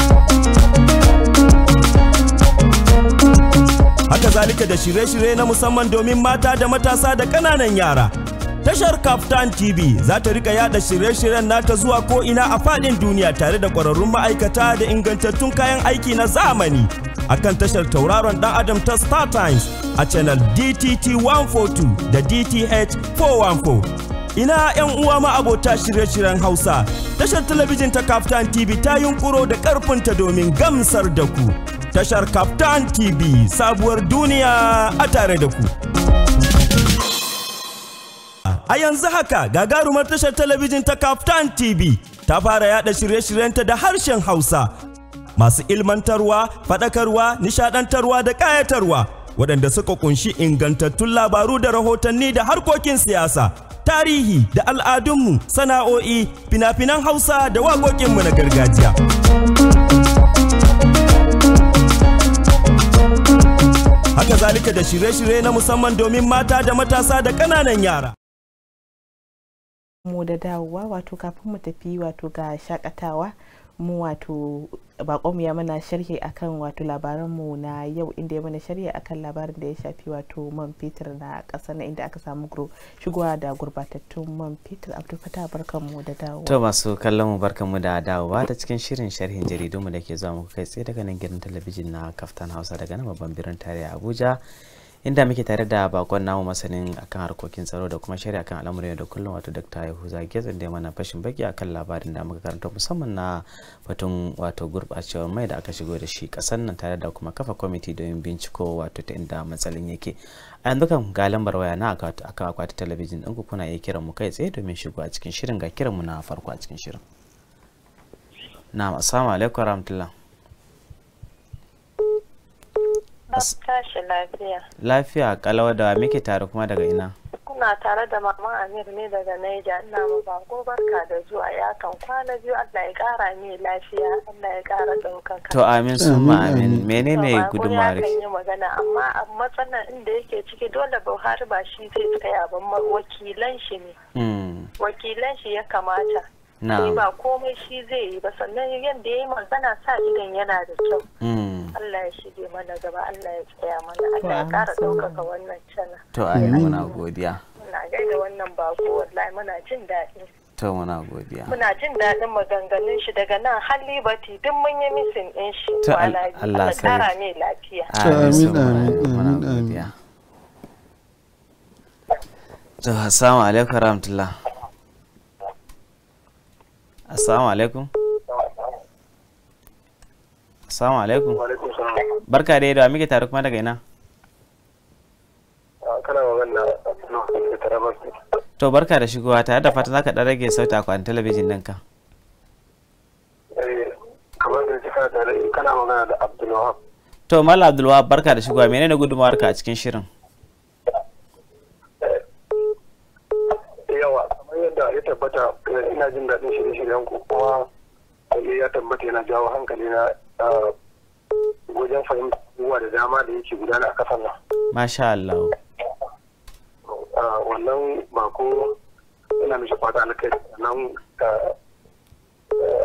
haka zalika da shirye-shirye na musamman domin mata da matasa da kananan yara. Tashar Kaftan TV za ta rika yada shirye-shiryen nata zuwa ko ina a faɗin duniya tare da ƙwararrun ma'aikata da ingantattun kayan aiki na zamani. Akan tashar tauraron ɗan Adam ta Star Times a channel DTT 142 da DTH 414. ina 'yan uwa ma'abota shirye-shiryen Hausa. Tashar talabijin ta Kaftan TV ta yunkuro da ƙarfinta domin gamsar da ku. tashar Kaftan TV sabuwar duniya a tare da ku. A yanzu haka gagarumar tashar talabijin ta Kaftan TV ta fara yada shirye-shiryenta da harshen Hausa masu ilmantarwa, faɗakarwa, nishadantarwa da ƙayatarwa waɗanda suka kunshi ingantattun labaru da rahotanni da harkokin siyasa. tarihi da al'adunmu sana'o'i fina-finan hausa da waƙoƙinmu na gargajiya. haka zalika da shirye-shirye na musamman domin mata da matasa da kananan yara. mu da dawowa wato kafin mu tafi wato ga shakatawa mu wato bakon ya mana sharhi akan wato labaran mu na yau inda ya mana sharhi akan labarin da ya shafi wato man fetur na kasa na inda aka samu gro shigowa da gurbatattun man fetur abdul fata mu da dawowa to masu kallon mu barkanmu da dawowa ta cikin shirin sharhin jaridunmu da ke zuwa muku kai tsaye daga nan gidan talabijin na kaftan hausa daga nan babban birnin tarayya abuja inda muke tare da bakon namu masanin akan harkokin tsaro da kuma shari'a kan al'amuran yau da kullum wato Dr. Yahuza Getsin da mana fashin baki akan labarin da muka karanta musamman na batun wato gurbacewar mai da aka shigo da shi kasan nan tare da kuma kafa kwamiti domin binciko wato ta inda matsalin yake. A yanzu kan ga lambar waya na akan akwati talabijin ɗin ku kuna iya kiran mu kai tsaye domin shigo a cikin shirin ga kiran mu na farko a cikin shirin. Na'am assalamu alaikum warahmatullahi tashi lafiya. Lafiya kalawa da muke tare kuma daga ina. Kuna tare da Maman Amir ne daga Naija ina ma bako barka da zuwa ya kan kwana biyu Allah ya kara ne lafiya Allah ya kara ɗaukaka. To amin ma amin menene gudunmawar ki? Ba magana amma a matsalar inda yake ciki dole Buhari ba shi zai tsaya ba wakilan shi ne. Hmm. Wakilan shi ya kamata. Na. Ba komai shi zai yi ba sannan yadda ya yi magana sa idan yana da kyau. Hmm. Allah ya shige mana gaba Allah ya tsaya mana Allah ya ƙara ɗaukaka wannan cana to ai mm. muna godiya muna gaida wannan bako wallahi muna jin daɗi to muna godiya muna jin daɗin maganganun shi daga nan har liberty duk mun yi misin ɗin shi to Allah ya ƙara mai lafiya amin amin amin to assalamu alaikum rahmatullah assalamu alaikum Assalamu alaikum. Barka dai da muke tare kuma daga ina. Ah, kana magana To barka da shigowa tare da fatan zaka dan rage sauti a kwan talabijin ɗinka. Eh, kamar da kana tare kana To Mal Abdulwahab barka da shigowa menene gudunmawar ka a cikin shirin? Eh, yawa kamar yadda ya tabbata eh, ina jin daɗin shirye-shiryen ku kuma ya tabbata yana jawo hankali na wajen fahimta abubuwa da dama da yake gudana a kasar nan masha Allah wannan bako ina mishi fata kai nan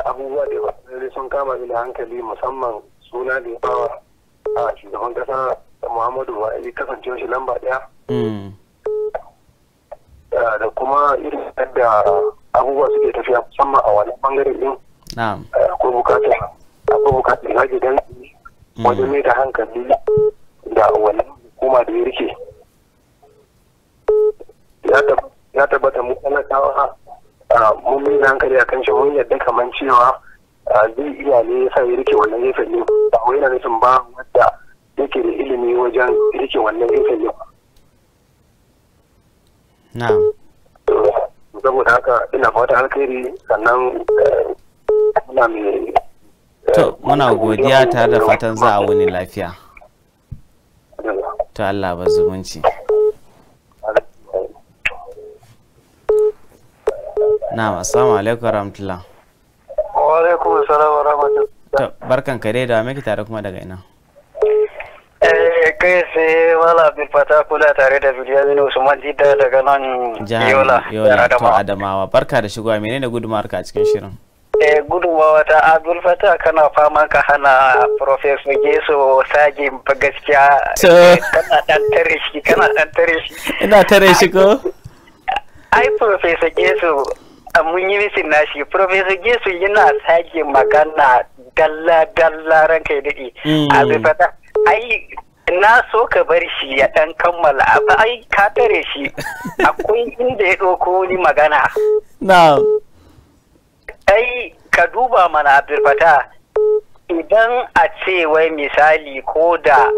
abubuwa da ba sun kama ni da hankali musamman suna da ya bawa a shugaban kasa muhammadu ya kasance shi lamba ɗaya mm. da kuma irin yadda abubuwa suke tafiya musamman a wani bangare Na'am. akwai bukatar abubuwa da ya gidan wajen mai da hankali da wani hukuma da ya rike ya tabbata mu talakawa mun mai da hankali akan shi mun yadda kamar cewa zai iya ne ya sa ya rike wannan gefen ne ba wai yana nufin ba wadda yake da ilimi wajen rike wannan gefen ne na'am saboda haka ina fata alkhairi sannan eh, muna mai to muna godiya tare da fatan za a wani lafiya to Allah ba zumunci Na, assalamu alaikum rahmatullah wa alaikum assalam wa rahmatullah to barkan kare dai da muke tare kuma daga ina eh, kai sai wala bin fata kula tare da biliyamin usman dida daga nan yola yola to adamawa barka da shigowa menene gudumar ka a cikin shirin eh gudunmawa ta abdul kana fama ka hana professor jeso sage gaskiya eh, kana dan tare shi kana dan tare shi ina tare shi ko ai professor jeso mun yi misin nashi professor jeso yana sage magana dalla dalla ranka ya dade mm. abdul fata ai na so ka bar shi ya dan kammala abu ai ka tare shi akwai inda ya ɗauko wani magana na'am ai ka duba mana firfata idan a ce wai misali ko da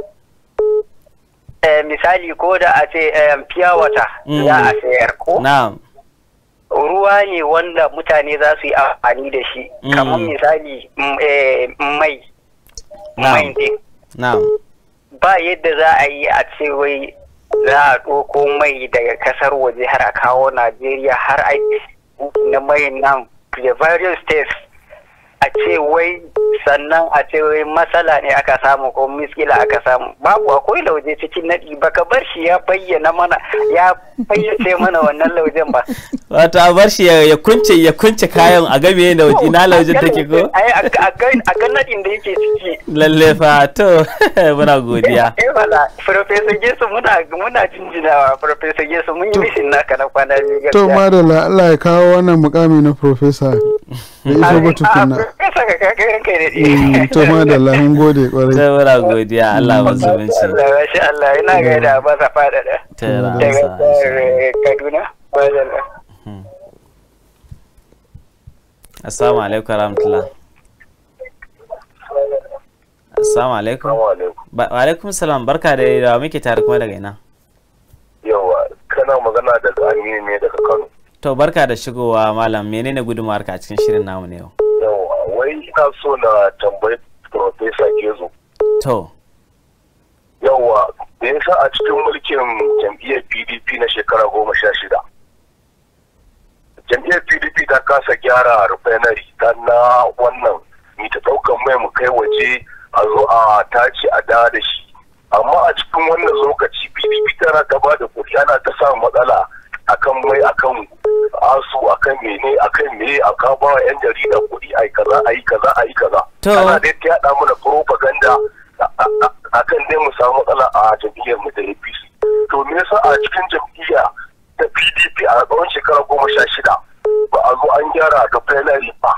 eh, misali ko da a ce eh, wata mm. za a sayar ko ruwa ne wanda mutane za su yi amfani da shi mm. kamar misali mm, eh, mai Na'am. ba yadda za a yi a ce wai za a ɗauko mai daga kasar waje har a kawo najeriya har aiki na mai nan de varios test a ce wai sannan a ce wai matsala ne aka samu ko miskila aka samu babu akwai lauje cikin nadi baka bar shi ya bayyana mana ya fayyace mana wannan laujen ba wato a bar shi ya kunce ya kunce kayan a game da ina laujen take ko a kan naɗin da yake ciki lalle fa to muna godiya eh wala professor Gesu muna muna jinjinawa professor Gesu mun yi mishin naka na kwana biyu to madalla Allah ya kawo wannan mukami na professor bai iso ba tukuna to ma da lahun gode kwarai Ta muna godiya Allah ba su binci masha Allah ina mm. ga da ba sa fada da Ta daga Kaduna ba da bazalla hmm. Assalamu alaikum rahmatullah Assalamu alaikum wa alaikum salam barka da muke tare kuma daga ina yawa kana magana daga Aminu ne daga Kano To barka da shigowa malam menene gudunmawar ka cikin shirin namu ne yau? wai ina so na tambayi Profesa Gezo. To. Yawwa, da yasa a cikin mulkin jam'iyyar PDP na shekara goma sha shida. Jam'iyyar PDP ta kasa gyara refinery ta na wannan ni ta ɗaukan mai mu kai waje a zo a tace a da da shi. Amma a cikin wannan lokaci PDP tana gaba da kuri ana ta samu matsala akan mai akan asu akan mene akan me a ka ba yan jarida kuɗi ai kaza ai kaza ai kaza ana da ta yaɗa mana propaganda akan dai mu samu matsala a jam'iyyar mu da APC to me yasa a cikin jam'iyya ta PDP a tsawon shekara goma sha shida ba a zo an gyara ga plenary ba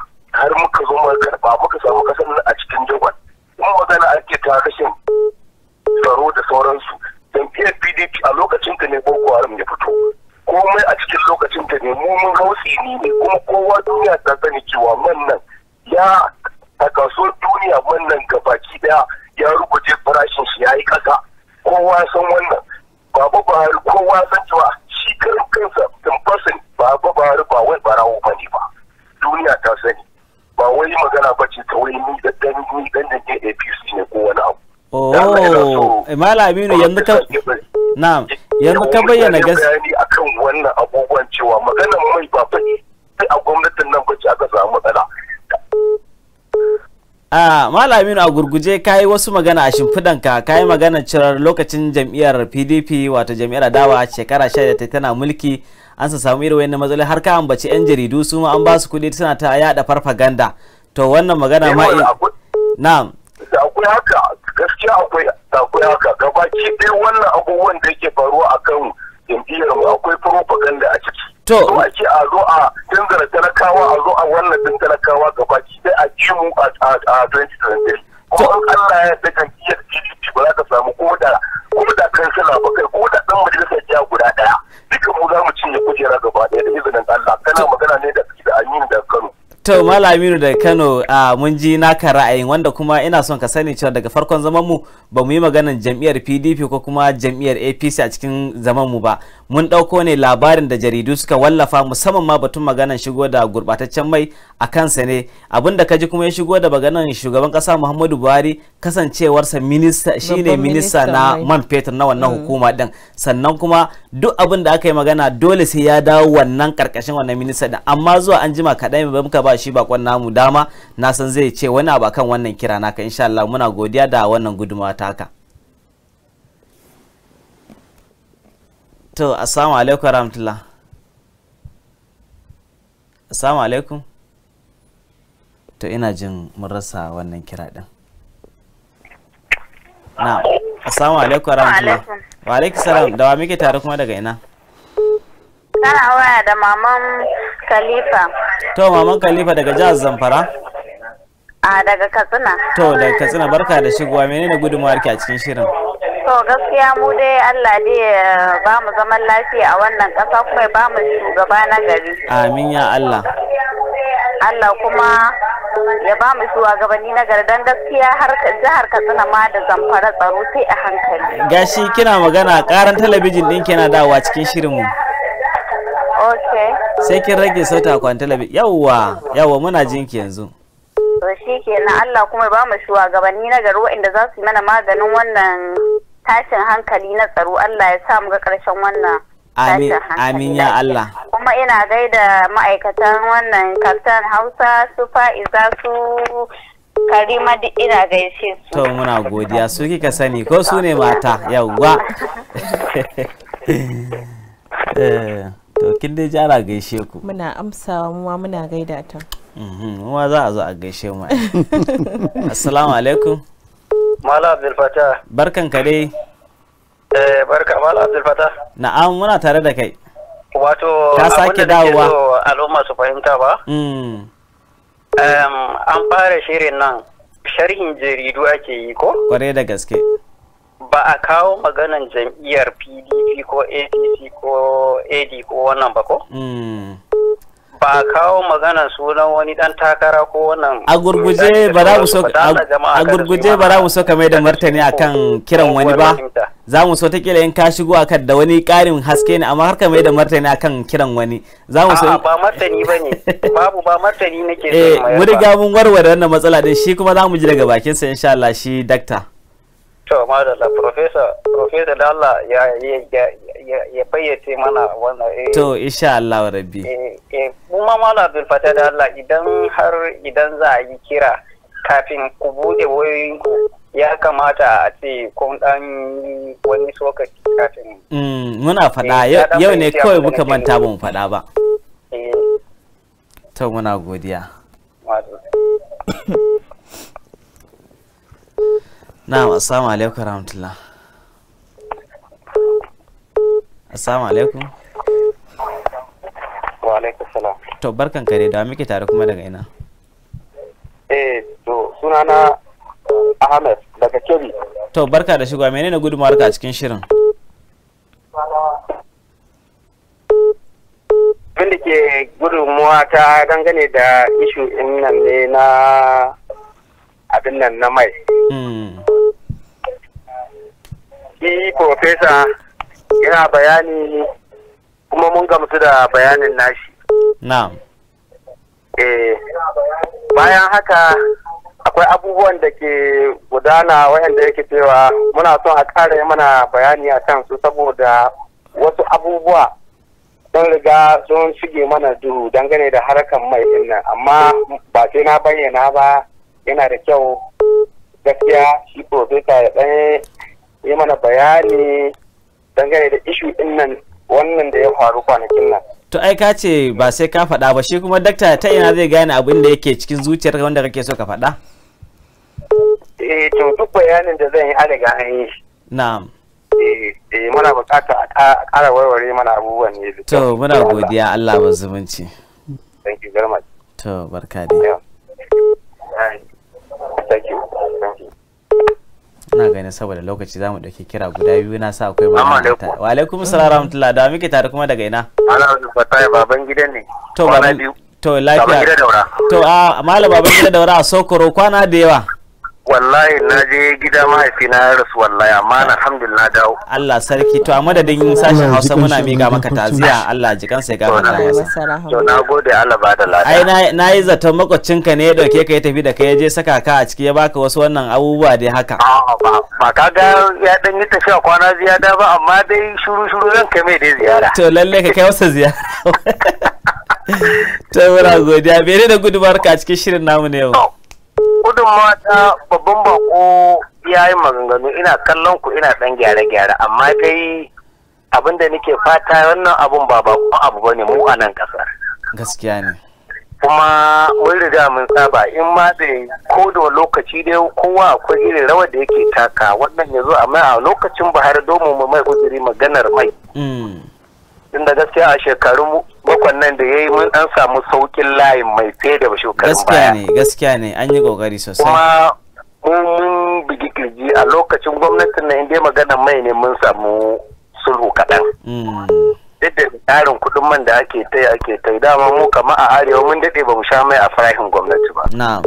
mala aminu yanzu ka na'am yanzu ka bayyana gaskiya akan wannan abubuwan cewa maganar mai ba fa a gwamnatin nan ba ci aka samu matsala a malamin a gurguje ka yi wasu magana a shimfidan ka yi magana cirar lokacin jam'iyyar pdp wato jam'iyyar adawa shekara sha tana mulki an sa samu irin wani matsalolin har ka ambaci yan jaridu su ma an ba su kuɗi suna ta yada farfaganda to wannan magana ma eh, na'am to malaminu da kano mun ji naka ra'ayin wanda kuma ina son ka sani cewa daga farkon zaman mu ba mu yi maganan jam'iyyar pdp ko kuma jam'iyyar apc a cikin zaman mu ba mun ɗauko ne labarin da jaridu suka wallafa musamman ma batun maganan shigo da gurbataccen mai a kansa ne abinda da kaji kuma ya shigo da maganan shugaban kasa muhammadu buhari kasancewarsa minista shine minista na man fetur na wannan mm. hukuma din sannan kuma duk abin da aka yi magana dole sai ya dawo wannan karkashin wannan minista din amma zuwa an jima kaɗan ba muka ba shi bakon namu dama na san zai ce wani abu akan wannan kira naka insha Allah muna godiya da wannan gudunmawa taka to assalamu alaikum rahmatullah assalamu alaikum to ina jin mun rasa wannan kira din na assalamu alaikum rahmatullah wa alaikum salam da wa muke tare kuma daga ina kana waya da maman khalifa to maman khalifa daga jihar zamfara A daga Katsina. To daga Katsina barka da shigowa menene gudunmawar ki a cikin shirin? To gaskiya mu dai Allah ne ya ba mu zaman lafiya a wannan ƙasa kuma ba mu shugaba na gari. Amin ya Allah. Allah kuma ya ba mu shugabanni na gari don gaskiya har jihar Katsina ma da zamfara tsaro sai a hankali. Gashi kina magana karan talabijin din kina dawowa cikin mu Okay. Sai kin rage sauta kwan talabijin. Yawwa, yawwa muna jinki yanzu. To shi kenan Allah kuma ba mu gabanni na gari inda za su yi mana maganin wannan tashin hankali na tsaro Allah ya sa mu ga karshen wannan Amin, amin ya Allah. Kuma ina gaida ma'aikatan wannan Captain Hausa su fa'iza su Karima duk ina gaishe su. To muna godiya su kika sani ko su ne mata yawwa. Eh, to kin dai jara gaishe ku. Muna amsa muwa muna gaida ta. Mhm, ma za a zo a gaishe mu assalamu alaikum mala abdul fata barkan ka dai eh barka mala abdul fata na'am muna tare da kai wato ka sake dawowa al'umma su fahimta ba mm. an fara shirin nan sharhin jaridu ake yi ko kware da gaske ba a kawo maganan jam'iyyar pdp ko apc ko ad ko wannan ba ko mm. ba a kawo magana sunan wani dan takara ko wannan a gurguje ba za mu so a gurguje ba za mu so kamar da martani akan kiran wani ba za mu so ta kila in ka shigo akan da wani karin haske ne amma har mai da martani akan kiran wani za mu so ba martani bane babu ba martani nake so eh, mu riga mun warware wannan matsala din shi kuma za mu ji daga bakin sa insha Allah shi dakta To, madalla, Profesa, Profesa da Allah ya fayyace mana wannan. Eh, to, insha Allah, Rabbi. Eh, eh kuma Mala fata da Allah idan har idan za a yi kira kafin ku bude wayoyinku ya kamata a ce kun mm, eh, dan wani soka kafin. Muna fada yau ne kawai muka manta ba mu fada ba. To, muna godiya. Madalla. na'am assalamu alaikum rahmatullah assalamu alaikum wa alaikum salam to barkan kare da muke tare kuma daga ina eh to sunana eh, ahmed daga kebbi to barka da shigowa menene gudunmawar ka a cikin shirin Bin da ke gudunmuwa ta dangane da ishu nan ne na abin nan na mai shi hmm. profesa yana bayani kuma mun gamsu da bayanin nashi na'am eh bayan haka akwai abubuwan da ke gudana wayanda yake cewa muna son a ƙara mana bayani a kan su saboda wasu abubuwa sun riga sun shige mana duhu dangane da harkar mai din amma ba sai na bayyana ba yana da kyau gaskiya shi profesa ya ɗan yi mana bayani dangane da ishu ɗin nan wannan da ya faru kwanakin nan. To ai ka ce ba sai ka faɗa ba shi kuma dakta ta ina zai gane abin da yake cikin zuciyar wanda kake so ka faɗa? Eh to duk bayanin da zan yi adaga daga an yi. Na'am. Eh, eh muna bukata a ƙara warware mana abubuwan ne. To muna godiya Allah ba zumunci. Thank you very much. To barka ina ganin saboda lokaci zamu dauki kira guda biyu na sa akwai ba ta wa alaikum salam rahmatullah da muke tare kuma daga ina ana fatai baban gida ne to baban to lafiya to a malam baban gida daura a sokoro kwana da yawa wallahi na je gida mahaifi na rasu wallahi amma ah. alhamdulillah dawo Allah sarki to a madadin sashen Hausa muna miƙa maka taziya Allah jikan sai gama da sa. to na gode Allah ba da lafiya ai na yi zaton makwacinka ne ya dauke ka ya tafi da kai ya je saka ka a ciki ya baka wasu wannan abubuwa dai haka ba ka ga ya dan yi tafiya kwana ziyada ba amma dai shuru shuru zan kai mai dai ziyara to lalle ka kai wasa ziyara to muna godiya bere da gudubar ka a cikin shirin namu ne yau gudun mata babban bako ya yi maganganu ina kallon ku ina dan gyare-gyare amma dai abin da nike fata wannan abun ba bakon abu ba ne mu a nan kasar gaskiya ne kuma mun riga mun saba in ma da ko da lokaci dai kowa akwai irin rawar da yake taka wannan ya zo amma a lokacin buhari domin mu mai uzuri maganar mai mm. inda gaskiya a shekarun bakwan nan da ya yi mun an samu saukin layin mai fiye da shekarun baya gaskiya ne gaskiya ne an yi kokari sosai kuma mun bigi kirji a lokacin gwamnatin na inda magana mai ne mun samu sulhu kaɗan mm. duk da tsarin kuɗin man da ake tai ake tai dama mu kama a arewa mun daɗe ba mu sha mai a farahin gwamnati ba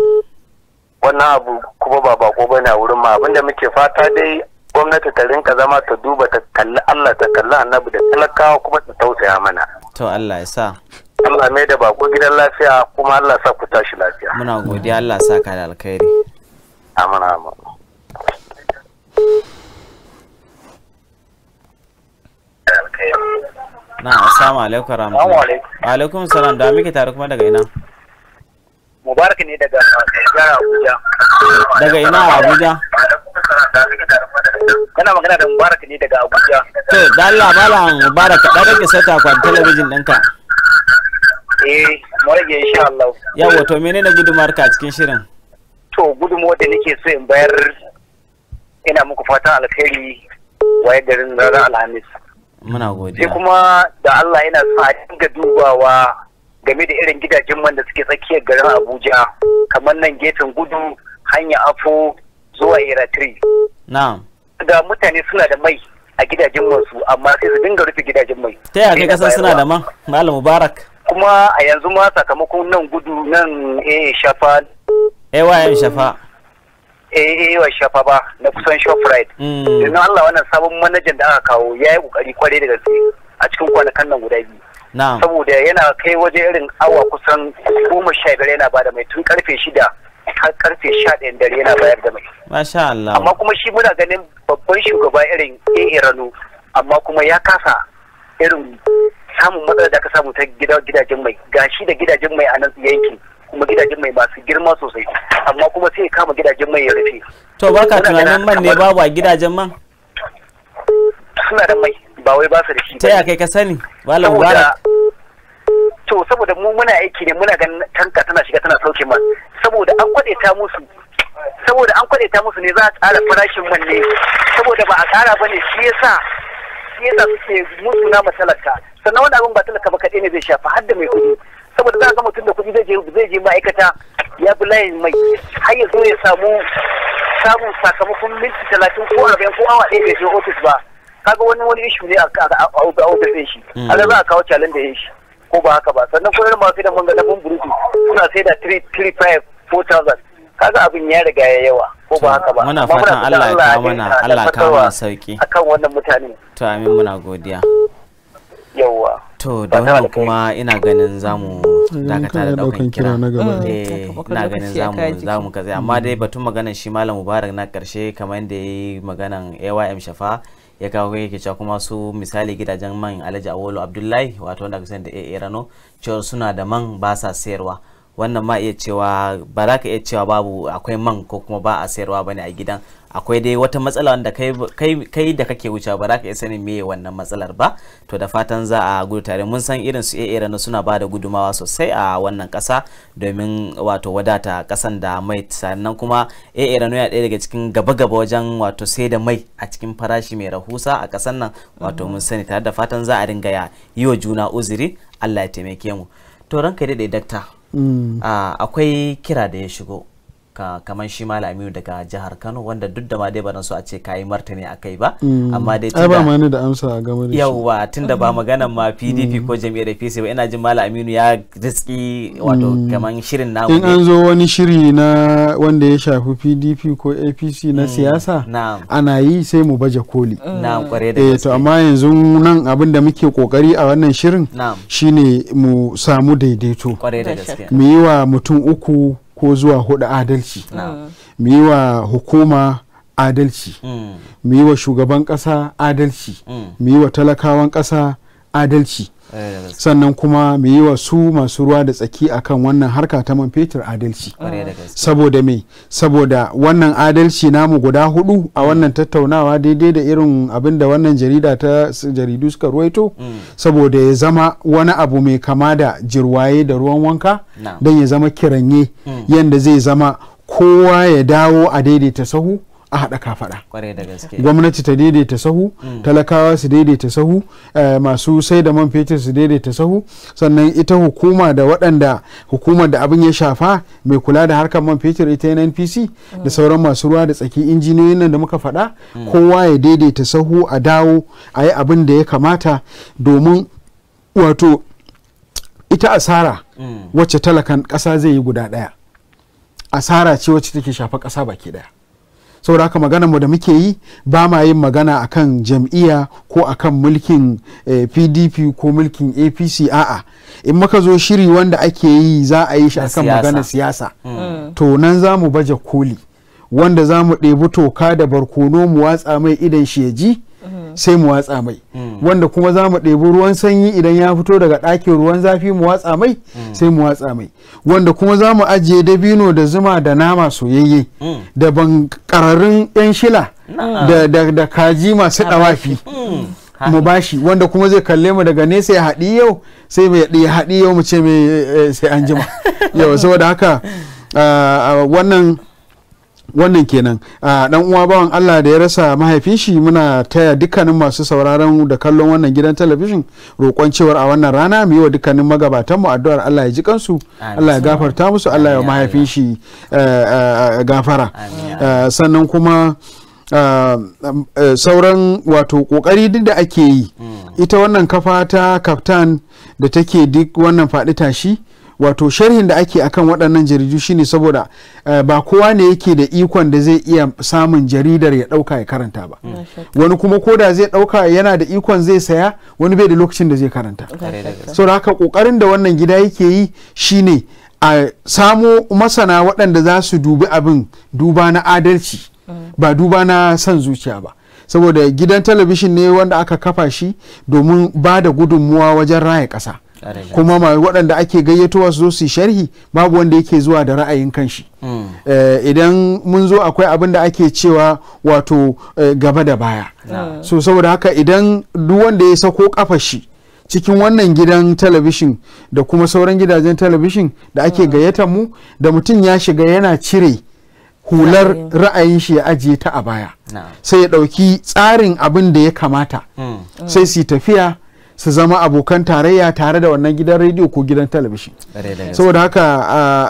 wannan abu kuma ba bako bane a wurin ma abinda muke fata dai gwamnati ta rinka zama ta duba ta kalli Allah ta kalli annabi da talakawa kuma ta tausaya mana to Allah ya sa Allah mai da bako gidan lafiya kuma Allah sa ku tashi lafiya muna godiya Allah sa ka da alkhairi Amin amin. na assalamu alaikum rahmatullahi wa alaikum salam da muke tare kuma daga ina mubarak ne daga abuja daga ina abuja kana magana da mubarak ne daga abuja to da Allah malam mubarak dan rage sata kwan talabijin ɗinka eh mu rage insha Allah yawa to menene gudumar ka cikin shirin to gudumar da nake so in bayar ina muku fatan alkhairi waye garin ranar alhamis muna godiya sai kuma da Allah yana sa a dinga dubawa game da irin gidajen man da suke tsakiyar garin Abuja kamar nan gefen gudu hanya afo zuwa era 3 na'am da mutane suna da mai a gidajen masu amma sai su dinga rufe gidajen mai ta yaya kai kasan suna da ma malam mubarak kuma a yanzu ma sakamakon nan gudu nan eh shafa eh wa shafa eh, eh wa shafa ba na kusan shoprite mm. domin Allah wannan sabon manajan da aka kawo ya yi kokari kwarai da gaske a cikin kwanakan nan guda biyu saboda yana kai waje irin awa kusan goma sha biyar yana bada mai tun karfe shida har karfe sha 11 dare yana bayar da mai masha Allah amma kuma shi muna ganin babban shugaba irin AA Rano amma kuma ya kasa irin samun matsalar da aka samu ta gidajen mai gashi da gidajen mai a nan yanki kuma gidajen mai masu girma sosai amma kuma sai kama gidajen mai ya rufe to baka tunanin man ne babu a gidajen man suna da mai ba wai ba su da shi ta ya kai ka sani malam mubarak to saboda mu muna aiki ne muna ganin tanka tana shiga tana sauke man saboda an ta musu saboda an ta musu ne za a tsara farashin man ne saboda ba a tsara bane shi yasa shi yasa suke musu na matalaka sannan wani abin ba talaka ba kaɗai ne zai shafa har da mai kuɗi saboda za a ga mutum da kuɗi zai je zai je ma'aikata ya bi layin mai har ya ya samu samun sakamakon minti talatin ko arba'in ko awa ɗaya bai je ofis ba kaga wani wani ishu ne a ofis ɗin shi hmm. a za a kawo challenge da shi ko ba haka ba sannan kuma irin masu da manga na bumburutu suna sai da 3,500 4,000 kaga abin ya riga ya yawa ko ba haka ba muna fatan Allah ya kawo mana Allah kawo mana sauki akan wannan mutane to amin muna godiya yawa to da wannan kuma ina ganin zamu dakata da daukan kira na eh, mm, ne. ina ganin zamu zamu kaza amma dai batun maganar shi malam Mubarak na karshe kamar da yayi maganar AYM Shafa ya kawo yake cewa kuma su misali gidajen man alhaji awolo abdullahi wato wanda kusan da AA rano cewa suna da man ba sa sayarwa wannan ma iya cewa ba za ka iya cewa babu akwai man ko kuma ba a sayarwa bane a gidan akwai dai wata matsala wanda kai da kake wuce ba za ka iya sanin meye wannan matsalar ba to da fatan za a gudu tare mun san irin su AA Rano suna ba da gudumawa sosai a wannan kasa domin wato wadata kasan da mai sannan kuma AA Rano ya daga cikin gaba-gaba wajen wato sai da mai a cikin farashi mai rahusa a kasan nan wato mun sani tare da fatan za a yiwa yi wa juna uzuri Allah ya taimake mu to ranka dai dakta mm. ah, akwai kira da ya shigo kamar shi malami daga jihar kano wanda duk da ma dai bana so a ce kayi martani a kai ba mm. amma dai tunda ba da amsa game da yawa tunda ba maganan ma pdp mm. ko jam'iyyar apc ba ina jin malam aminu ya riski wato mm. kamar shirin na in an zo wani shiri na wanda ya shafi pdp ko apc na siyasa ana yi sai mu baje koli na'am kware da eh, gaske. to amma yanzu nan abin da muke kokari a wannan shirin shine mu samu daidaito da mu yi wa mutum uku ko zuwa hudu adalci mu yi wa hukuma adalci mm. mu yi wa shugaban kasa adalci mm. mu yi wa talakawan ƙasa adalci eh, sannan kuma mu yi wa su masu ruwa da tsaki akan wannan harka ta man fetur adalci ah. saboda me saboda wannan adalci namu guda hudu a hmm. wannan tattaunawa daidai da irin abin da wannan jarida ta jaridu suka ruwaito hmm. saboda ya zama wani abu mai kama da jirwaye da ruwan wanka don ya zama kiranye hmm. yadda zai zama kowa ya dawo a daidaita sahu a haɗa kafaɗa gwamnati ta daidaita sahu mm. talakawa su daidaita sahu eh, masu sai da man fetur su daidaita sahu sannan ita hukuma da waɗanda hukumar da abin ya shafa mai kula da harkar man fetur ita nnpc da mm. sauran masu ruwa da tsaki injiniyoyin nan da muka faɗa mm. kowa ya daidaita sahu a dawo a yi abin da ya kamata domin wato ita asara wacce talakan ƙasa zai yi guda ɗaya asara ce wacce take shafa ƙasa baki ɗaya saboda haka magana mu da muke yi ba ma yin magana akan jam'iyya ko akan mulkin pdp eh, ko mulkin apc a'a in muka zo shiri wanda ake yi za a yi shi akan magana siyasa hmm. Hmm. to nan za mu baje koli wanda za mu ɗebi toka da barkono mu watsa mai idan shi ya ji hmm. sai mu watsa mai wanda kuma za mu ɗebi ruwan sanyi idan ya fito daga ɗakin ruwan zafi mu watsa mai mm. sai mu watsa mai wanda kuma za mu ajiye dabino da zuma da nama soyayye mm. da ƙararrun 'yan shila da kaji masu ɗawafi mm. mu bashi wanda kuma zai kalle mu daga nesa ya haɗi yau sai mai ya haɗi yau mu ce mai eh, sai an jima yau saboda haka ah, ah, wannan wannan kenan a dan uwa bawan Allah da ya rasa mahaifin shi muna taya dukkanin masu sauraron da kallon wannan gidan talabijin roƙon cewar a wannan rana mu yi wa dukkanin magabatan mu addu'ar Allah ya ji kansu Allah ya gafarta musu Allah ya mahaifin shi eh, eh, eh, gafara sannan kuma sauran wato kokari duk da ake yi mm. ita wannan kafa ta kaftan da take duk wannan faɗi tashi wato sharhin da ake akan waɗannan jaridu shine saboda eh, ba kowa ne yake da ikon da zai iya samun jaridar ya ɗauka ya karanta ba mm. wani kuma ko da zai ɗauka yana da ikon zai saya wani bai da lokacin da zai karanta saboda haka ƙoƙarin da wannan gida yake yi shine a samo masana waɗanda za su dubi abin duba na adalci mm. ba duba na son zuciya ba saboda gidan talabishin ne wanda aka kafa shi domin ba da gudunmuwa wajen raya ƙasa kuma ma waɗanda ake gayyatowa su zo su sharhi babu wanda yake zuwa da ra'ayin kan shi. Hmm. Eh, idan mun zo akwai abin da ake cewa wato eh, gaba da baya so saboda haka idan duk wanda ya sako kafa shi cikin wannan gidan talabishin da kuma sauran gidajen talabishin da ake hmm. gayyata mu da mutum ya shiga yana cire hular ra'ayin shi ya ajiye ta a baya sai ya ɗauki tsarin abin da ya kamata hmm. sai su tafiya su zama abokan tarayya tare da wannan gidan rediyo ko gidan talabishin saboda haka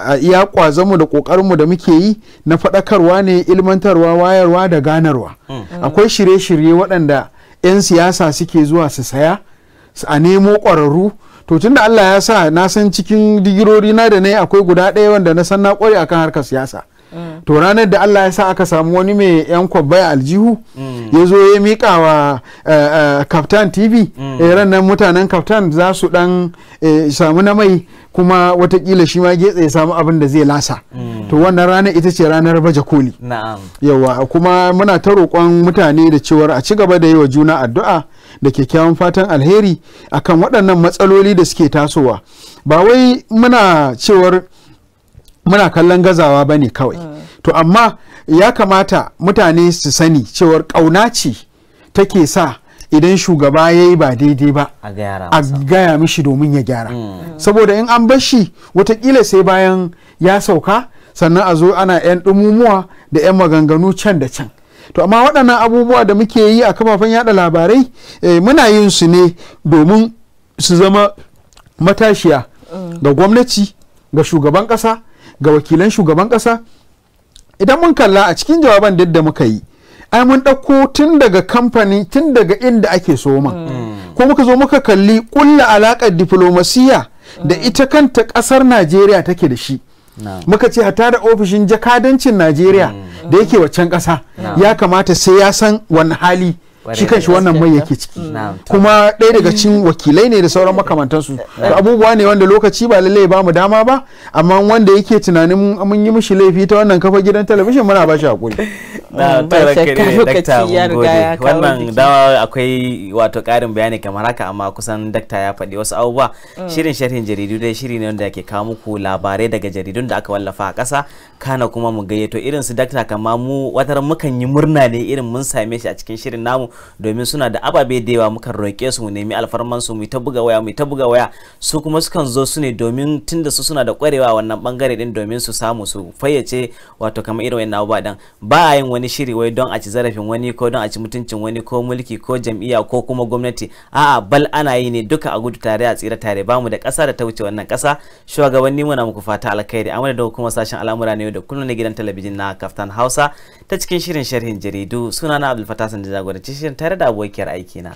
a iya kwazonmu da kokarinmu da muke yi na faɗakarwa ne ilmantarwa wayarwa da ganarwa hmm. akwai shirye-shirye waɗanda 'yan siyasa suke zuwa su saya a nemo ƙwararru to tunda Allah ya sa na san cikin digirori na da na akwai guda ɗaya wanda na san na ƙware akan harkar siyasa Mm. to ranar da Allah ya sa aka samu wani mai yan kwabbai aljihu mm. ya zo ya mika wa eh, eh, kaftan tv mm. eh, ran nan mutanen kaftan za su dan samu na mai kuma watakila shi ma getsa ya samu abin da zai lasa to wannan ranar ita ce ranar baje koli yawa kuma muna ta roƙon mutane da cewar a ci gaba da yi wa juna addu'a da kyakkyawan fatan alheri akan waɗannan matsaloli da suke tasowa ba wai muna cewar muna kallon gazawa ba ne kawai mm. to amma ya kamata mutane su sani cewar ƙauna ce take sa idan shugaba ya yi ba daidai ba a gaya mishi domin ya gyara mm. saboda in an bashi watakila sai bayan ya sauka sannan a zo ana 'yan ɗumumuwa da 'yan maganganu can da can to amma waɗannan abubuwa da muke yi a kafafen yada labarai eh, muna yin su ne domin su zama matashiya mm. ga gwamnati ga shugaban ƙasa ga wakilan shugaban kasa idan mun kalla a cikin jawaban da muka yi ai mun ɗauko tun daga kamfani tun daga inda ake so ma mm. ko muka zo muka kalli ƙulla alaƙar diflomasiya da mm. ita kanta ƙasar najeriya take da shi muka ce hata da ofishin jakadancin najeriya mm. da yake waccan ƙasa ya kamata sai ya san wani hali shi kan shi wannan mai yake ciki kuma ɗaya daga cin wakilai ne da sauran makamantansu ga eh, eh. abubuwa ne wanda lokaci ba lallai ba mu dama ba amma wanda yake tunanin mun yi mishi laifi ta wannan kafa gidan talabijin muna ba shi hakuri na mm, tara kare dakta gode wannan dawa akwai wato karin bayani kamar haka amma kusan dakta ya faɗi wasu abubuwa mm. shirin sharhin jaridu dai shiri ne wanda ke kawo muku labarai daga jaridun da aka wallafa a ƙasa kana kuma mu gayyato irin su dakta kama mu watar mukan yi murna ne irin mun same shi a cikin shirin namu domin suna da ababe da yawa mukan roƙe su mu nemi alfarman su mu ta buga waya mu ta buga waya su kuma sukan zo su ne domin tunda su suna da ƙwarewa wannan bangare din domin su samu su fayyace wato kamar irin wannan abubuwa din ba a yin wani wani shiri wai don a ci zarafin wani ko don a ci mutuncin wani ko mulki ko jam'iyya ko kuma gwamnati a'a bal ana yi ne duka a gudu tare a tsira tare bamu da ƙasa da ta wuce wannan ƙasa shugabanni muna muku fata alkhairi amma da kuma sashen al'amura ne da kullum na gidan talabijin na kaftan hausa ta cikin shirin sharhin jaridu sunana abdul fatah sanda jagoranci shirin tare da abokiyar aiki na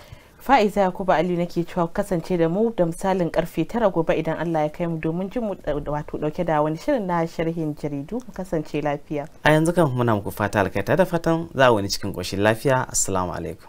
fa'iza ya yakubu aliyu nake cewa kasance da mu da misalin karfe tara gobe idan allah ya kai mu domin jin mu eh, wato dauke da wani shirin na sharhin jaridu mu kasance lafiya a yanzu kan muna muku fata alkaita da fatan za a wani cikin koshin lafiya assalamu alaikum